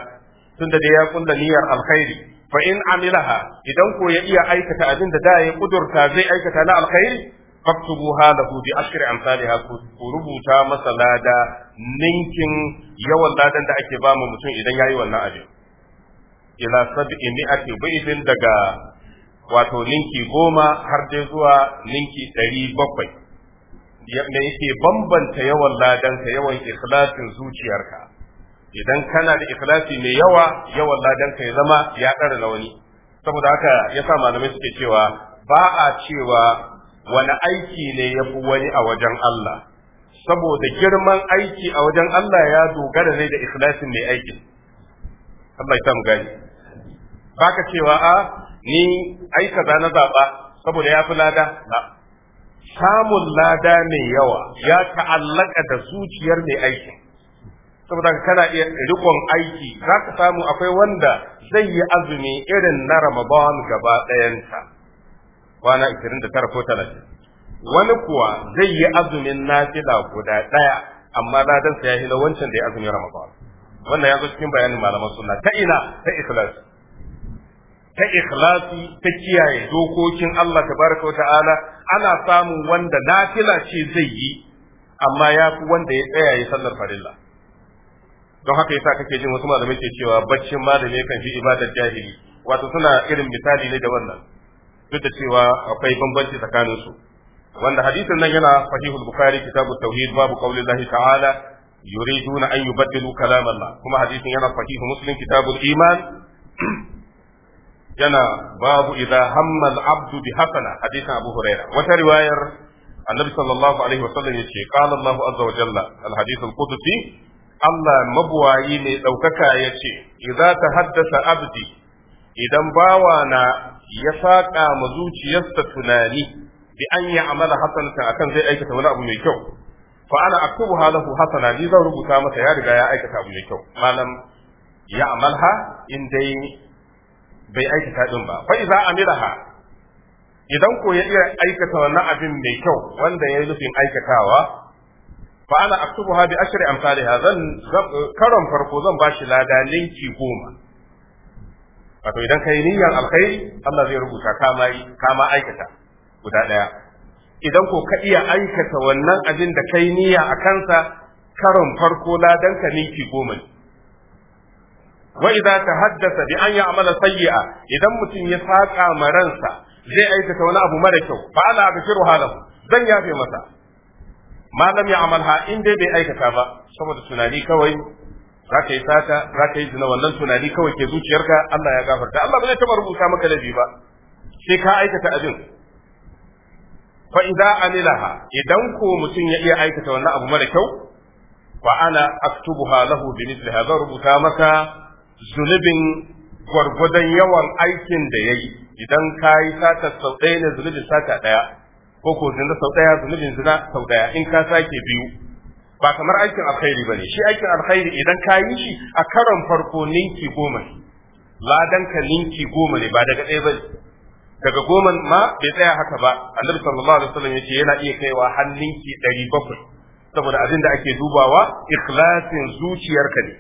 tunda da ya kulla niyyar alkhairi fa in amilaha idan ko ya iya aikata abin da da ya kudurta zai aikata na alkhairi faktubu halahu bi ashri amsalha ku rubuta masa lada ninkin yawan ladan da ake ba mu mutum idan yayi wannan abin ila sab'i mi'ati baydin daga wato ninki goma har dai zuwa ninki ɗari bakwai da yake bambanta yawan yawan ikhlasin zuciyarka idan kana da ikhlasi mai yawa yawan ladanka ya zama ya ɗara na wani saboda haka yasa malamai suke cewa ba a cewa wani aiki ne ya fi wani a wajen Allah saboda girman aiki a wajen Allah ya dogara ne da ikhlasin mai aikin Allah ya samu gani baka cewa a ni aika za na zaɓa saboda ya fi lada ba. samun lada mai yawa ya ta'allaka da zuciyar mai aiki. saboda kana iya rikon aiki za ka samu akwai wanda zai yi azumi irin na Ramadan gaba ɗayanta kwana 29 ko 30 wani kuwa zai yi azumin nafila guda daya amma ladan sa yahi na wancan da ya azumin ramadan wannan ya zo cikin bayanin malaman sunna ta ina ta ikhlas ta ikhlasi ta kiyaye dokokin Allah tabaraka wa ta'ala ana samun wanda nafila ce zai yi amma ya fi wanda ya tsaya ya sallar farilla don haka yasa kake jin wasu malamai ke cewa baccin malami kan fi ibadar jahili wato suna irin misali ne da wannan duk da cewa akwai bambanci tsakanin su wanda hadisin nan yana sahihul bukhari kitabu tauhid babu qaulillahi ta'ala yuriduna an yubaddilu kalam kuma hadisin yana sahihu muslim kitabul iman yana babu idza hamma al-abdu bi hasana hadisin abu huraira wata riwayar annabi sallallahu alaihi wasallam yace qala Allah azza wa jalla al-hadith al-qudsi Allah mabuwayi mai daukaka yace idza tahaddasa abdi idan bawa na ya saƙa ma zuciyarsa tunani bi an ya amala hasanatan akan zai aikata wani abu mai kyau fa ana aktubu halahu hasana ni zan rubuta masa ya riga ya aikata abu mai kyau malam ya amalha in dai bai aikata din ba fa idza amilaha idan ko ya iya aikata wannan abin mai kyau wanda ya yi nufin aikatawa fa ana aktubuha bi ashri amsalha zan karon farko zan bashi ladanin ki goma wato idan kai niyyar alkhairi Allah zai rubuta kama ma aikata guda daya idan ko ka iya aikata wannan abin da kai niyya a kansa karon farko ladan ka ninki goma ne wa idza tahaddasa bi an ya'mala sayyi'a idan mutum ya saka maransa zai aikata wani abu mara kyau fa ala abshiru halahu zan yafe masa malam ya amalha in dai bai aikata ba saboda tunani kawai za ka yi saka za ka yi zina wannan tunani kawai ke zuciyarka Allah ya gafarta Allah ba zai taɓa rubuta maka laifi ba sai ka aikata abin fa idza amilaha idan ko mutum ya iya aikata wannan abu mara kyau fa ana aktubuha lahu bi mithli hadha rubuta maka zulubin gurgudan yawan aikin da yayi idan ka yi saka sau ɗaya ne zunubin sata ɗaya ko ko zina sau ɗaya zunubin zina sau ɗaya in ka sake biyu ba kamar aikin alkhairi bane shi aikin alkhairi idan ka yi shi a karon farko ninki goma ne ladan ka ninki goma ne ba daga ɗaya bane daga goma ma bai tsaya haka ba annabi sallallahu alaihi wasallam yace yana iya kaiwa har ninki 700 saboda abin da ake dubawa ikhlasin zuciyarka ne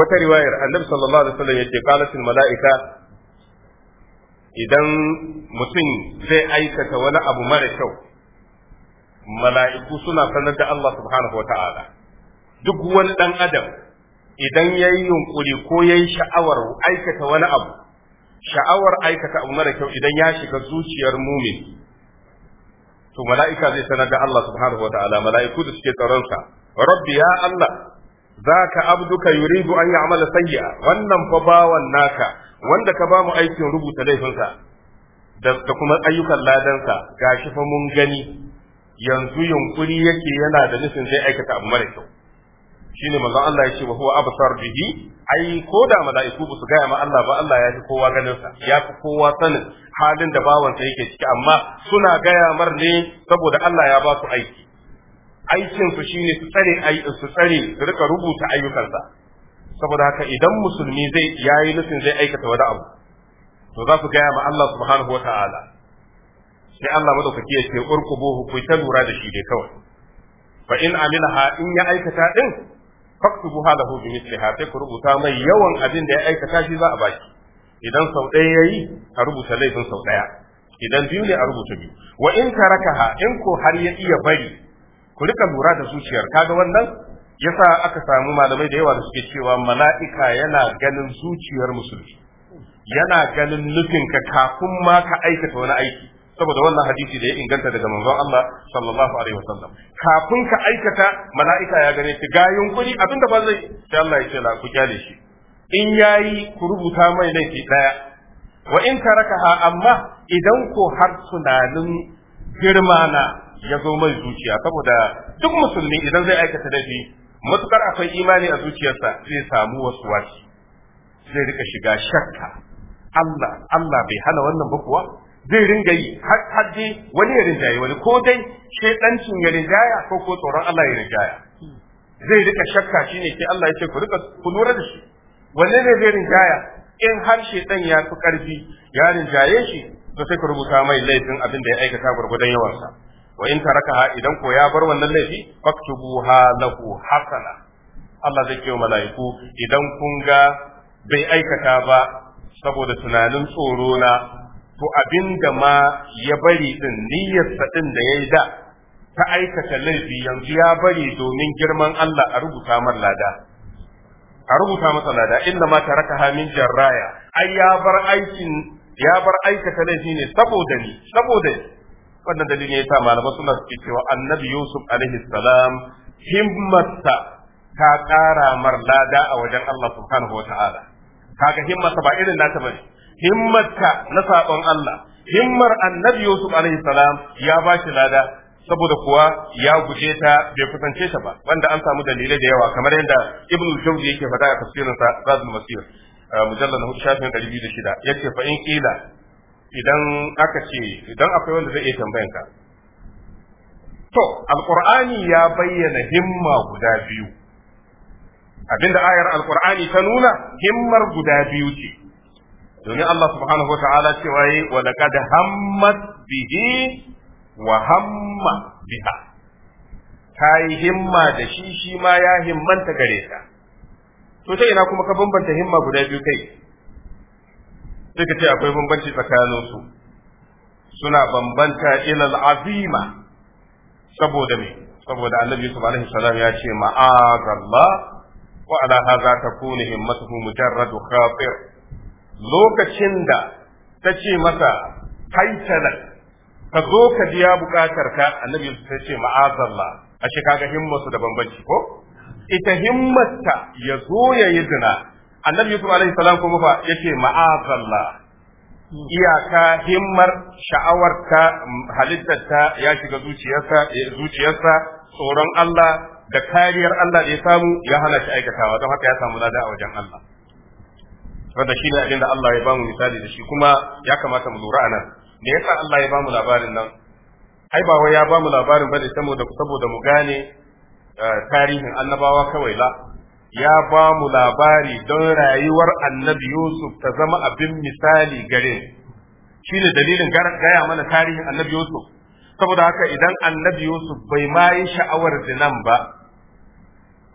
wata riwayar annabi sallallahu alaihi wasallam yace qalatil malaika idan mutum zai aikata wani abu mara kyau mala'iku suna sanar da Allah subhanahu wa ta'ala duk wani ɗan adam idan ya yi yunƙuri ko ya yi sha'awar aikata wani abu sha'awar aikata abu mara kyau idan ya shiga zuciyar mumin to mala'ika zai sanar da Allah subhanahu wa ta'ala mala'iku da suke tsaronsa rabbi ya Allah za ka abduka yuridu an yi amala sayya wannan fa bawan naka wanda ka ba mu aikin rubuta laifinsa da kuma ayyukan ladansa gashi fa mun gani yanzu yunkuri yake yana da nufin zai aikata abu mara kyau Shi ne maza Allah ya ce wa huwa absar bihi ai ko da mala'iku ba su gaya ma Allah ba Allah ya fi kowa ganin sa ya fi kowa sanin halin da bawansa yake ciki amma suna gaya mar ne saboda Allah ya ba su aiki aikin su shine su tsare su tsare rubuta ayyukansa saboda haka idan musulmi zai yayi nufin zai aikata wani abu to za su gaya ma Allah subhanahu wataala sai Allah madaukaki ya ce urqubuhu ku ta lura da shi dai kawai fa in amilaha in ya aikata din faktubu halahu bi misliha sai ku rubuta mai yawan abin da ya aikata shi za a baki idan sau ɗaya yayi a rubuta laifin sau ɗaya idan biyu ne a rubuta biyu wa in tarakaha in ko har ya iya bari ku rika lura da zuciyar kaga wannan yasa aka samu malamai da yawa da suke cewa mala'ika yana ganin zuciyar musulmi yana ganin nufinka kafin ma ka aikata wani aiki saboda wannan hadisi da ya inganta daga manzon Allah sallallahu alaihi wasallam kafin ka aikata mala'ika ya gane ki ga yunkuri da ba zai sai Allah ya ce la ku kyale shi in yayi ku rubuta mai laifi daya wa in tarakaha amma idan ko har tunanin girma na ya zo mai zuciya saboda duk musulmi idan zai aikata laifi matukar akwai imani a zuciyarsa zai samu wasu wasi zai rika shiga shakka Allah Allah bai hana wannan ba kuwa zai ringa yi har dai wani ya rinjaye wani ko dai shedancin ya rinjaya ko ko tsoron Allah ya rinjaya zai rika shakka shine ke Allah ya ce ku rika ku lura da shi wanne ne zai rinjaya in har shedan ya fi karfi ya rinjaye shi to sai ku rubuta mai laifin abin da ya aikata gurgudan yawansa wa in ha, idan ko ya bar wannan laifi ha lahu hasana Allah zai kiyo mala'iku idan kun ga bai aikata ba saboda tunanin tsoro na to abinda ma ya bari din niyyarsa din da ya yi da ta aikata laifi yanzu ya bari domin girman Allah a rubuta mar lada a rubuta masa lada inda ma taraka hamin jarraya ai ya bar aikin ya bar aikata laifi ne saboda ni saboda ni wannan dalilin yasa malaman suna suke cewa annabi yusuf alaihi salam himmarsa ta ƙara mar lada a wajen Allah subhanahu wa ta'ala kaga himmarsa ba irin nata bane himmarka na saɓon Allah himmar annabi Yusuf alaihi salam ya ba shi lada saboda kuwa ya guje ta bai kusance ta ba wanda an samu dalilai da yawa kamar yadda Ibn Jawzi yake faɗa a tafsirin sa Zadul Masir mujallal na shafin 206 yake fa in ƙila. idan aka ce idan akwai wanda zai iya tambayan ka to alqur'ani ya bayyana himma guda biyu abinda ayar alqur'ani ta nuna himmar guda biyu ce domin Allah subhanahu wa ta'ala ce waye wa laqad hammat bihi wa hamma biha ta yi himma da shi shi ma ya himmanta gare ta to sai ina kuma ka bambanta himma guda biyu kai sai ka ce akwai bambanci tsakaninsu suna bambanta ilal azima saboda me saboda annabi yusuf alaihi ya ce ma'azallah wa ala hadha takunu himmatuhu mujarradu khatir lokacin da ta ce masa haitalan ka zo ka biya bukatar ka annabi ta ce ma'azallah a shi kaga himmarsu da bambanci ko ita himmarta ya zo ya yi zina annabi yusuf alaihi salam kuma fa yace ma'azallah iyaka himmar sha'awarka ta ya shiga zuciyarsa zuciyarsa tsoron Allah da kariyar Allah da ya samu ya hana aikatawa don haka ya samu lada a wajen Allah wanda ne abin da Allah ya bamu misali da shi kuma ya kamata mu lura anan me yasa Allah ya bamu labarin nan ai ba wai ya bamu labarin ba saboda saboda mu gane eh, tarihin annabawa kawai la ya bamu labari don rayuwar annabi Yusuf ta zama abin misali gare ne dalilin gaya mana tarihin annabi Yusuf saboda haka idan annabi Yusuf bai ma yi sha'awar zinan ba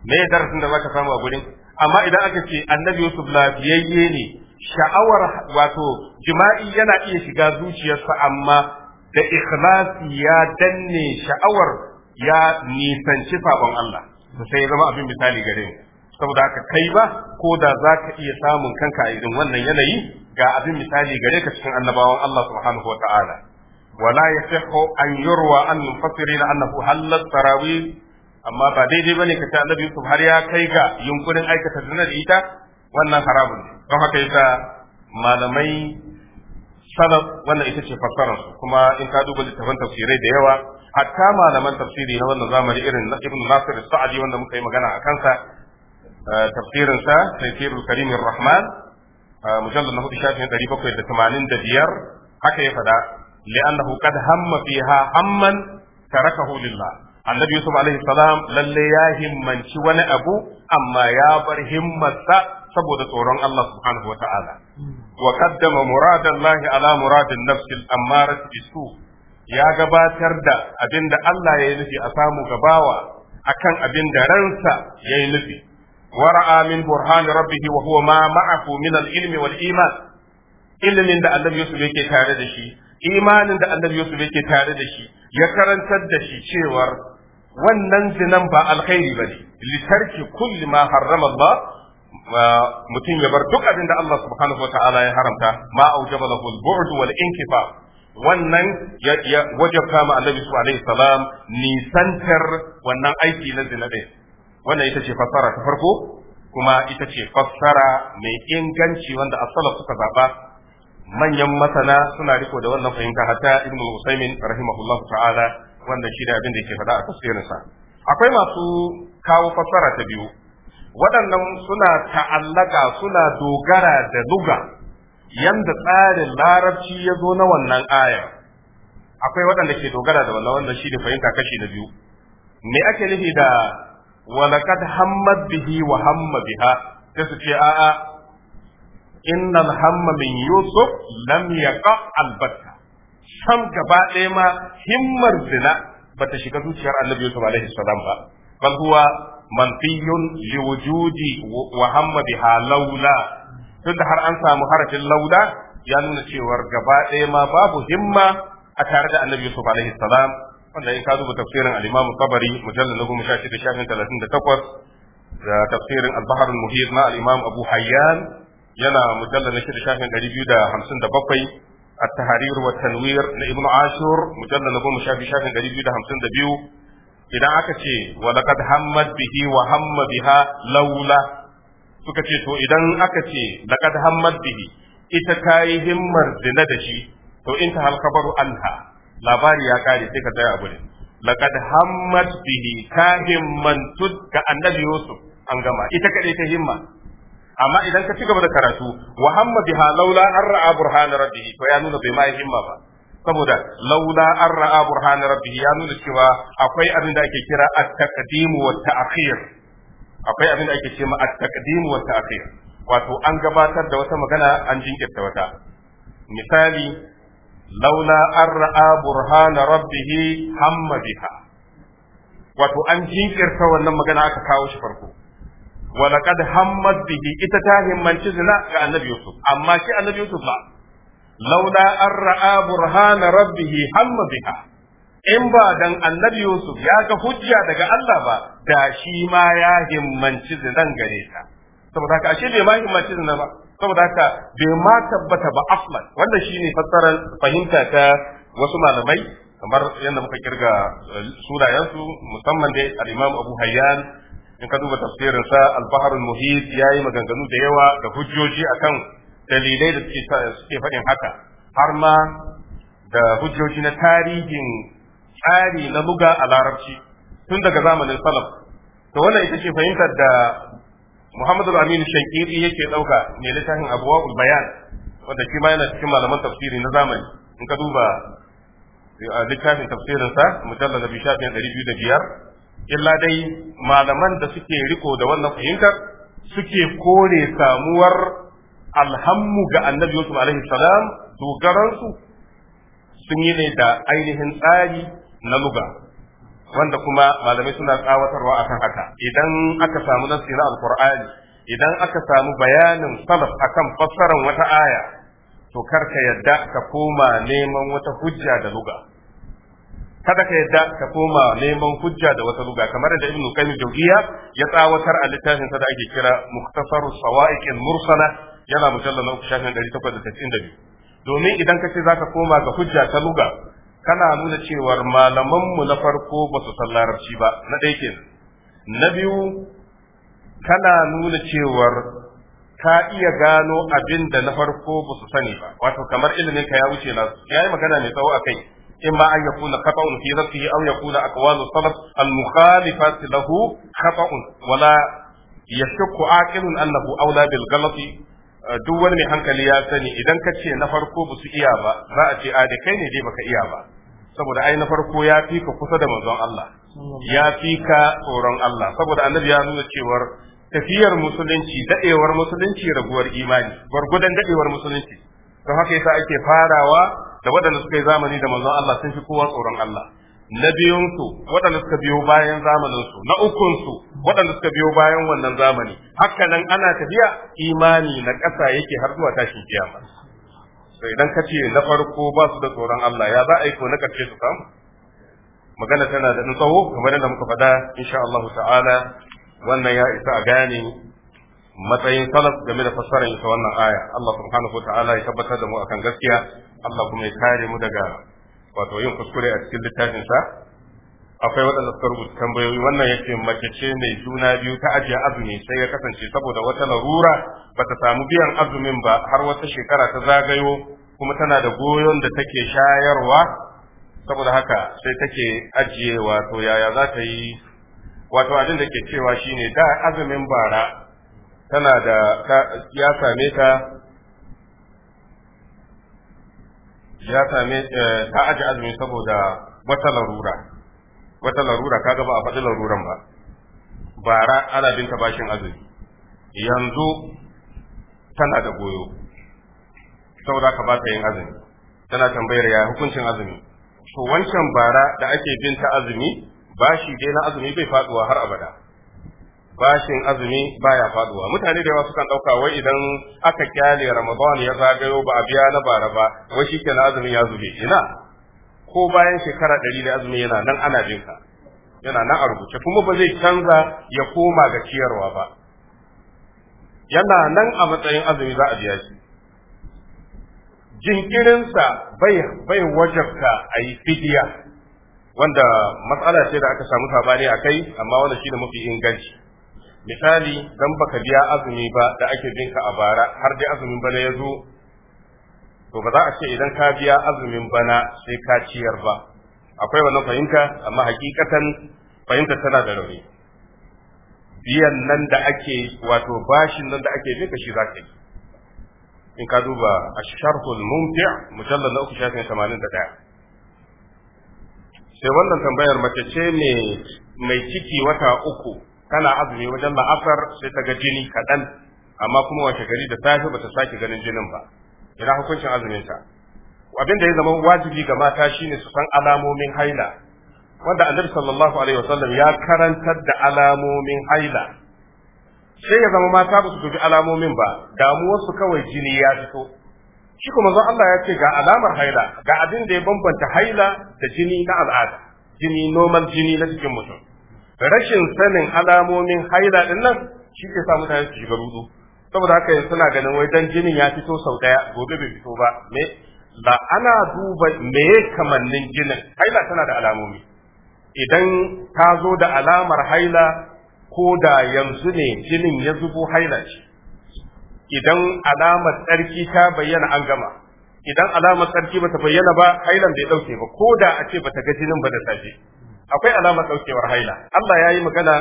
me darasin da zaka samu a gurin amma idan aka ce annabi yusuf lafiyayye ne sha'awar wato jima'i yana iya shiga zuciyarsa amma da ikhlasi ya danne sha'awar ya nisanci sabon Allah sai ya zama abin misali gare saboda haka kai ba ko da za ka iya samun kanka a irin wannan yanayi ga abin misali gare ka cikin annabawan Allah subhanahu wa wala yasihu an yurwa an mufassirina annahu halal tarawih amma ba daidai bane ka ta annabi Yusuf har ya kai ga yunkurin aikata zina da ita wannan haramun ne don haka yasa malamai salaf wannan ita ce fassararsu kuma in ka duba littafin tafsirai da yawa hatta malaman tafsiri na wannan zamani irin Ibn Nasir Sa'di wanda muka yi magana a kansa eh, tafsirinsa Tafsirul Karim Rahman eh, mujallal na hudu shafin ɗari bakwai da tamanin da biyar haka ya faɗa li'annahu qad hamma fiha hamman tarakahu lillah annabi yusuf alaihi salam lalle ya himmanci wani abu amma ya bar himmarsa saboda tsoron Allah subhanahu wataala wa qaddama muradallahi ala muradin nafsi al-ammarat bisu ya gabatar da abinda Allah ya yi nufi a samu gabawa akan da ransa ya yi nufi ورأى من برهان ربه وهو ما معه ilmi wal iman. ilimin da annabi Yusuf yake tare da shi imanin da annabi Yusuf yake tare da shi ya karantar da shi cewar wannan zinan ba alkhairi bane litarki kulli ma harrama Allah mutum ya bar duk abin da Allah subhanahu wataala ya haramta ma aujaba lahu al-bu'd wal inkifa wannan ya wajabta ma annabi su alaihi salam nisantar wannan aiki na zina din wannan ita ce fassara ta farko kuma ita ce fassara mai inganci wanda as suka zaba manyan masana suna riko da wannan fahimta hatta ibnu usaimin rahimahullahu ta'ala wanda shi da abin da yake faɗa a sa akwai masu kawo fassara ta biyu waɗannan suna ta'allaka suna dogara da luga yanda tsarin larabci ya zo na wannan aya akwai waɗanda ke dogara da wannan wanda shi da fahimta kashi na biyu me ake nufi da walakad hammad bihi wa hamma biha sai su ce a'a innal hamma min yusuf lam yaqa albatta sam gaba ɗaya ma himmar zina ba ta shiga zuciyar annabi yusuf alaihi salam ba bal huwa manfiyun liwujudi wa hamma biha laula tunda har an samu harafin laula ya nuna cewar gaba ɗaya ma babu himma a tare da annabi yusuf alaihi salam wanda in ka duba tafsirin al-imam tabari mujallal na goma sha shida shafin talatin da takwas tafsirin al-bahar al-muhit na al-imam abu hayyan yana mujallar na shida shafin ɗari biyu da hamsin da bakwai a tahrir wa tanwir na ibn ashur mujallar na goma shafi shafin ɗari biyu da hamsin da biyu idan aka ce wa laqad hammat bihi wa hamma biha laula suka ce to idan aka ce laqad hammat bihi ita ta yi himmar zina da shi to in ta halkabaru anha labari ya kare sai ka tsaya a gurin laqad hammat bihi ta himmantu ga annabi yusuf an gama ita kadai ta himma amma idan ka ci gaba da karatu wa hamma biha laula an ra'a burhan rabbih to ya nuna bai ma yi himma ba saboda laula an ra'a burhan rabbih ya nuna cewa akwai abin da ake kira at-taqdim wa ta'khir akwai abin da ake cewa at-taqdim wa ta'khir wato an gabatar da wata magana an jinkirta wata misali laula an ra'a burhan rabbih hamma biha wato an jinkirta wannan magana aka kawo shi farko wa laqad hammat bihi ita ta himmanci zina ga annabi yusuf amma shi annabi yusuf ba laula an ra'a burhana rabbih hamma biha in ba dan annabi yusuf ya ga hujja daga Allah ba da shi ma ya himmanci zinan gare ta saboda haka ashe bai ma himmanci zina ba saboda haka bai ma tabbata ba ahmad wanda shine fassarar fahimta ta wasu malamai kamar yadda muka kirga eh, sunayensu musamman dai al-Imam Abu Hayyan in ka duba tafsirin sa al-baharul muhit yayi maganganu da yawa da hujjoji akan dalilai da suke suke faɗin haka har ma da hujjoji na tarihin tsari na buga a larabci tun daga zamanin salaf to wannan ita ce fahimtar da Muhammadu Aminu Shankiri yake ɗauka ne littafin Abwaul Bayan wanda shi ma yana cikin malaman tafsiri na zamani in ka duba littafin tafsirinsa mujallar da bi ɗari biyu da biyar illa dai malaman da suke riko da wannan fahimtar suke kore samuwar alhammu ga annabi yusuf alaihi salam dogaransu sun yi ne da ainihin tsari na luga wanda kuma malamai suna tsawatarwa akan haka idan aka samu nasi na alqur'ani idan aka samu bayanin salaf akan fassarar wata aya to karka yadda ka koma neman wata hujja da luga kada ka yadda ka koma neman hujja da wata luga kamar da ibnu qayyim jawdiya ya tsawatar a littafin sa da ake kira mukhtasarus sawa'iq mursala yana mujallal na shafin 892 domin idan ka ce zaka koma ga hujja ta luga kana nuna cewar malaman mu na farko ba su sallarci ba na ɗaya kenan na biyu kana nuna cewar ka iya gano abin da na farko ba su sani ba wato kamar ilimin ka ya wuce na yayi magana mai tsawo akai إما أن يكون خطأ في نفسه أو يكون أقوال السلف المخالفة له خطأ ولا يشك عاقل أنه أولى بالغلط duk wani mai hankali ya sani idan ka ce na farko ba su iya ba za ce a da kai ne dai ka iya ba saboda ai na farko ya fi kusa da manzon Allah ya fi ka tsoron Allah saboda annabi ya nuna cewar tafiyar musulunci daɗewar musulunci raguwar imani gwargwadon daɗewar musulunci don haka yasa ake farawa da waɗanda suka yi zamani da manzon Allah sun fi kowa tsoron Allah na biyunsu waɗanda suka biyo bayan zamaninsu na ukunsu waɗanda suka biyo bayan wannan zamani haka nan ana tafiya imani na ƙasa yake har zuwa tashin kiyama to idan ka ce na farko ba su da tsoron Allah ya za a yi ko na ƙarshe su samu magana tana da tsawo kamar yadda muka faɗa insha Allah ta'ala wannan ya isa a gane matsayin salaf game da fassarar ita wannan aya Allah subhanahu wa ta'ala ya tabbatar da mu akan gaskiya Allah kuma ya kare mu daga wato yin kuskure a cikin littafin sa akwai waɗanda suka rubuta tambayoyi wannan yace mace ce mai juna biyu ta ajiye azumi sai ya kasance saboda wata larura bata samu biyan azumin ba har wata shekara ta zagayo kuma tana da goyon da take shayarwa saboda haka sai take ajiye wato yaya za ta yi wato abin da ke cewa shine da azumin bara tana da ya same ta ya same eh, ta aji azumi saboda wata larura wata larura ka gaba a faɗi laruran ba bara ana binta bashin azumi yanzu tana da goyo saboda ka ba ta yin azumi tana tambayar ya hukuncin azumi to wancan bara da ake binta azumi bashi dai na azumi bai faduwa har abada bashin azumi baya faduwa mutane da yawa sukan dauka wai idan aka kyale ramadan ya zagayo ba a biya na bara ba wai shikenan azumi ya zube ina ko bayan shekara ɗari da azumi yana nan ana bin ka yana nan a rubuce kuma ba zai canza ya koma ga ciyarwa ba yana nan a matsayin azumi za a biya shi jinkirinsa bai bai wajabta a yi fidiya wanda matsala ce da aka samu sabani a kai amma wanda shi da mafi inganci misali dan baka biya azumi ba da ake binka a bara har dai azumin bana ya zo to ba za a ce idan ka biya azumin bana sai ka ciyar ba akwai wannan fahimta amma hakikatan fahimta tana da rauni biyan nan da ake wato bashin nan da ake ka shi za ka yi in ka duba a sharhul mumti mujallal na uku shafin 81 sai wannan tambayar mace ce mai ciki wata uku kana azumi wajen la'asar sai ta ga jini kaɗan amma kuma wace gari da safe bata sake ganin jinin ba ina hukuncin azumin ta abin da ya zama wajibi ga mata shine su san alamomin haila wanda annabi sallallahu alaihi wasallam ya karantar da alamomin haila sai ya zama mata ba su alamomin ba su kawai jini ya fito shi kuma zan Allah ya ce ga alamar haila ga abin da ya bambanta haila da jini na al'ada jini normal jini na jikin mutum rashin sanin alamomin haila din nan shi ke sa mutane su shiga rudu saboda haka yanzu suna ganin wai dan jinin ya fito sau daya gobe bai fito ba me la ana duba me kamannin jinin haila tana da alamomi idan ta zo da alamar haila ko da yanzu ne jinin ya zubo haila ce idan alamar tsarki ta bayyana an gama idan alamar tsarki bata bayyana ba hailan bai dauke ba ko da a ce bata ga jinin ba da safe akwai alamar daukewar haila Allah ya yi magana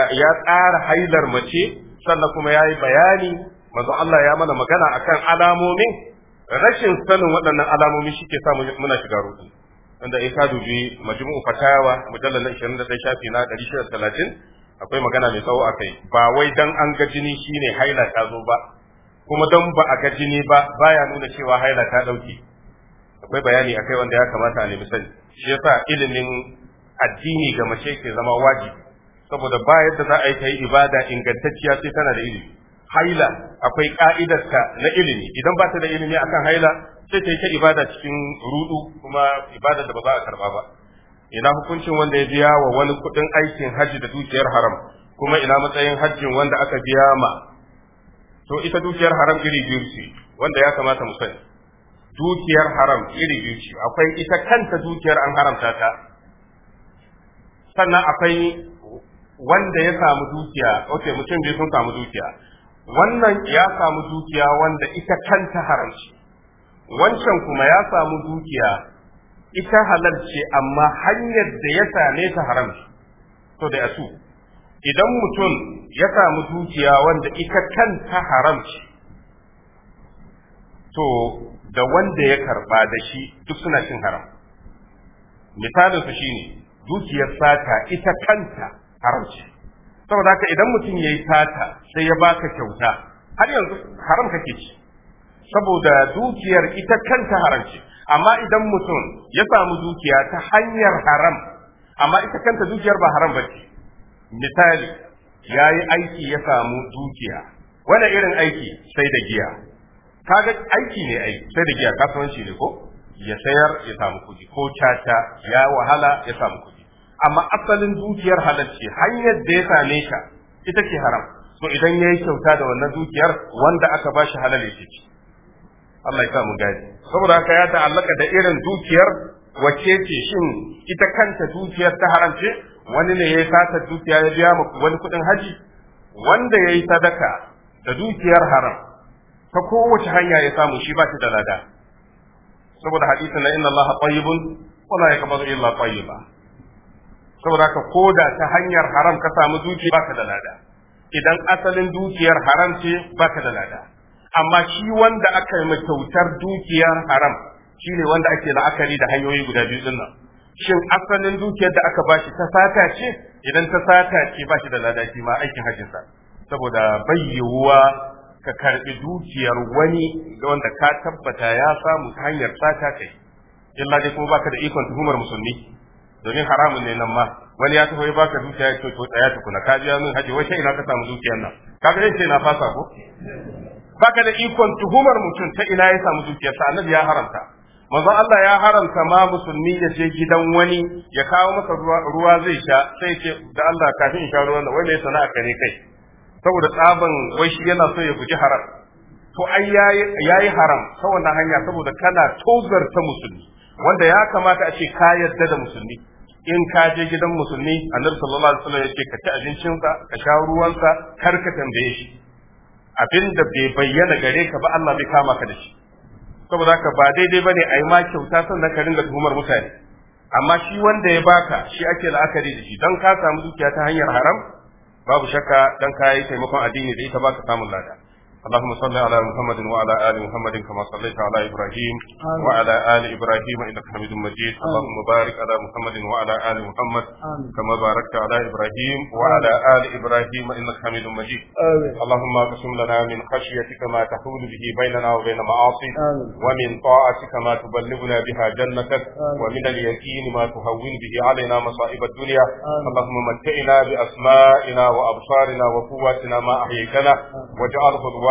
eh, ya tsara hailar mace sannan kuma ya yi bayani manzo Allah ya mana magana akan alamomin rashin sanin waɗannan alamomi shi ke sa muna shiga rudu wanda in ka dubi majmu'u fatawa mujallal 21 shafi na 630 akwai magana mai tsawo akai ba wai dan an ga jini shine haila ta zo ba kuma dan ba a ga jini ba baya nuna cewa haila ta dauke akwai bayani akai wanda ya kamata a nemi sani shi yasa ilimin addini ga mace ke zama wajibi saboda ba yadda za a yi ta yi ibada ingantacciya sai tana da ilimi haila akwai ka'idarta na ilimi idan ba ta da ilimi akan haila sai ta yi ta ibada cikin rudu kuma ibada da ba za a karba ba ina hukuncin wanda ya biya wa wani kudin aikin hajji da dukiyar haram kuma ina matsayin hajjin wanda aka biya ma to ita dukiyar haram iri biyu ce wanda ya kamata mu sani dukiyar haram iri biyu ce akwai ita kanta dukiyar an haramta ta sannan akwai wanda ya samu dukiya ok mutum biyu sun samu dukiya wannan ya samu dukiya wanda ita kanta haramci wancan kuma ya samu dukiya ita halal ce amma hanyar da ya same ta haramci to da su idan mutum ya samu dukiya wanda ita kanta haramci to da wanda ya karba da shi duk suna cin haram misalinsu shine dukiyar sata ita kanta haram ce saboda haka idan mutum yayi sata sai ya baka kyauta har yanzu haram kake ci saboda dukiyar ita kanta haram ce amma idan mutum ya samu dukiya ta hanyar haram amma ita kanta dukiyar ba haram bace misali yayi aiki ya samu dukiya wani irin aiki sai da giya kaga aiki ne aiki sai da giya kasuwanci ne ko ya sayar ya samu kuɗi ko caca ya wahala ya samu kuɗi amma asalin dukiyar halarci, hanyar da ya same ka ita ce haram so idan ya yi kyauta da wannan dukiyar wanda aka ba shi halal ya ci Allah ya sa mu gani saboda haka ya ta'allaka da irin dukiyar wacce ce shin ita kanta dukiyar ta haram ce wani ne ya yi sata dukiya ya biya maka wani kuɗin haji wanda ya yi sadaka da dukiyar haram ta kowace hanya ya samu shi ba shi da lada saboda hadisin na inna Allah tayyibun wa la yaqbalu illa tayyiba saboda ka koda ta hanyar haram ka samu dukiya baka da lada idan asalin dukiyar haram ce baka da lada amma shi wanda aka yi kyautar dukiyar haram shine wanda ake la'akari da hanyoyi guda biyu din nan shin asalin dukiyar da aka bashi ta sata ce idan ta sata ce bashi da lada shi ma aikin hajjinsa saboda bayyuwa ka karbi dukiyar wani da wanda ka tabbata ya samu ta hanyar sata kai illa dai kuma baka da ikon tuhumar musulmi domin haramun ne nan ma wani ya tafi baka dukiya ya ce to tsaya tukuna ka biya min haji wace ina ka samu dukiyar nan Ka ga ce na fasa ko baka da ikon tuhumar mutum ta ina ya samu dukiyar sa annabi ya haramta manzon Allah ya haramta ma musulmi ya je gidan wani ya kawo masa ruwa zai sha sai ce da Allah kafin in sha ruwan nan wai me sana'a kare kai saboda tsaban wai shi yana so ya guji haram to ai yayi haram ta wannan hanya saboda kana tozarta musulmi wanda ya kamata a ce ka yarda da musulmi in ka je gidan musulmi annabi sallallahu alaihi wasallam yace ka ci abincinsa ka sha ruwansa kar ka tambaye shi abinda bai bayyana gare ka ba Allah bai kama ka da shi saboda haka ba daidai bane ai ma kyauta sannan ka ringa tuhumar mutane amma shi wanda ya baka shi ake la'akari da shi don ka samu dukiya ta hanyar haram babu shakka dan kayi taimakon addini da ita baka samun lada اللهم صل على محمد وعلى ال محمد كما صليت على ابراهيم آمين. وعلى ال ابراهيم انك حميد مجيد آمين. اللهم بارك على محمد وعلى ال محمد آمين. كما باركت على ابراهيم وعلى ال ابراهيم انك حميد مجيد آمين. اللهم اقسم لنا من خشيتك ما تحول به بيننا وبين معاصيك ومن طاعتك ما تبلغنا بها جنتك ومن اليقين ما تهون به علينا مصائب الدنيا اللهم متعنا باسمائنا وابصارنا وقواتنا ما احييتنا واجعله الوارث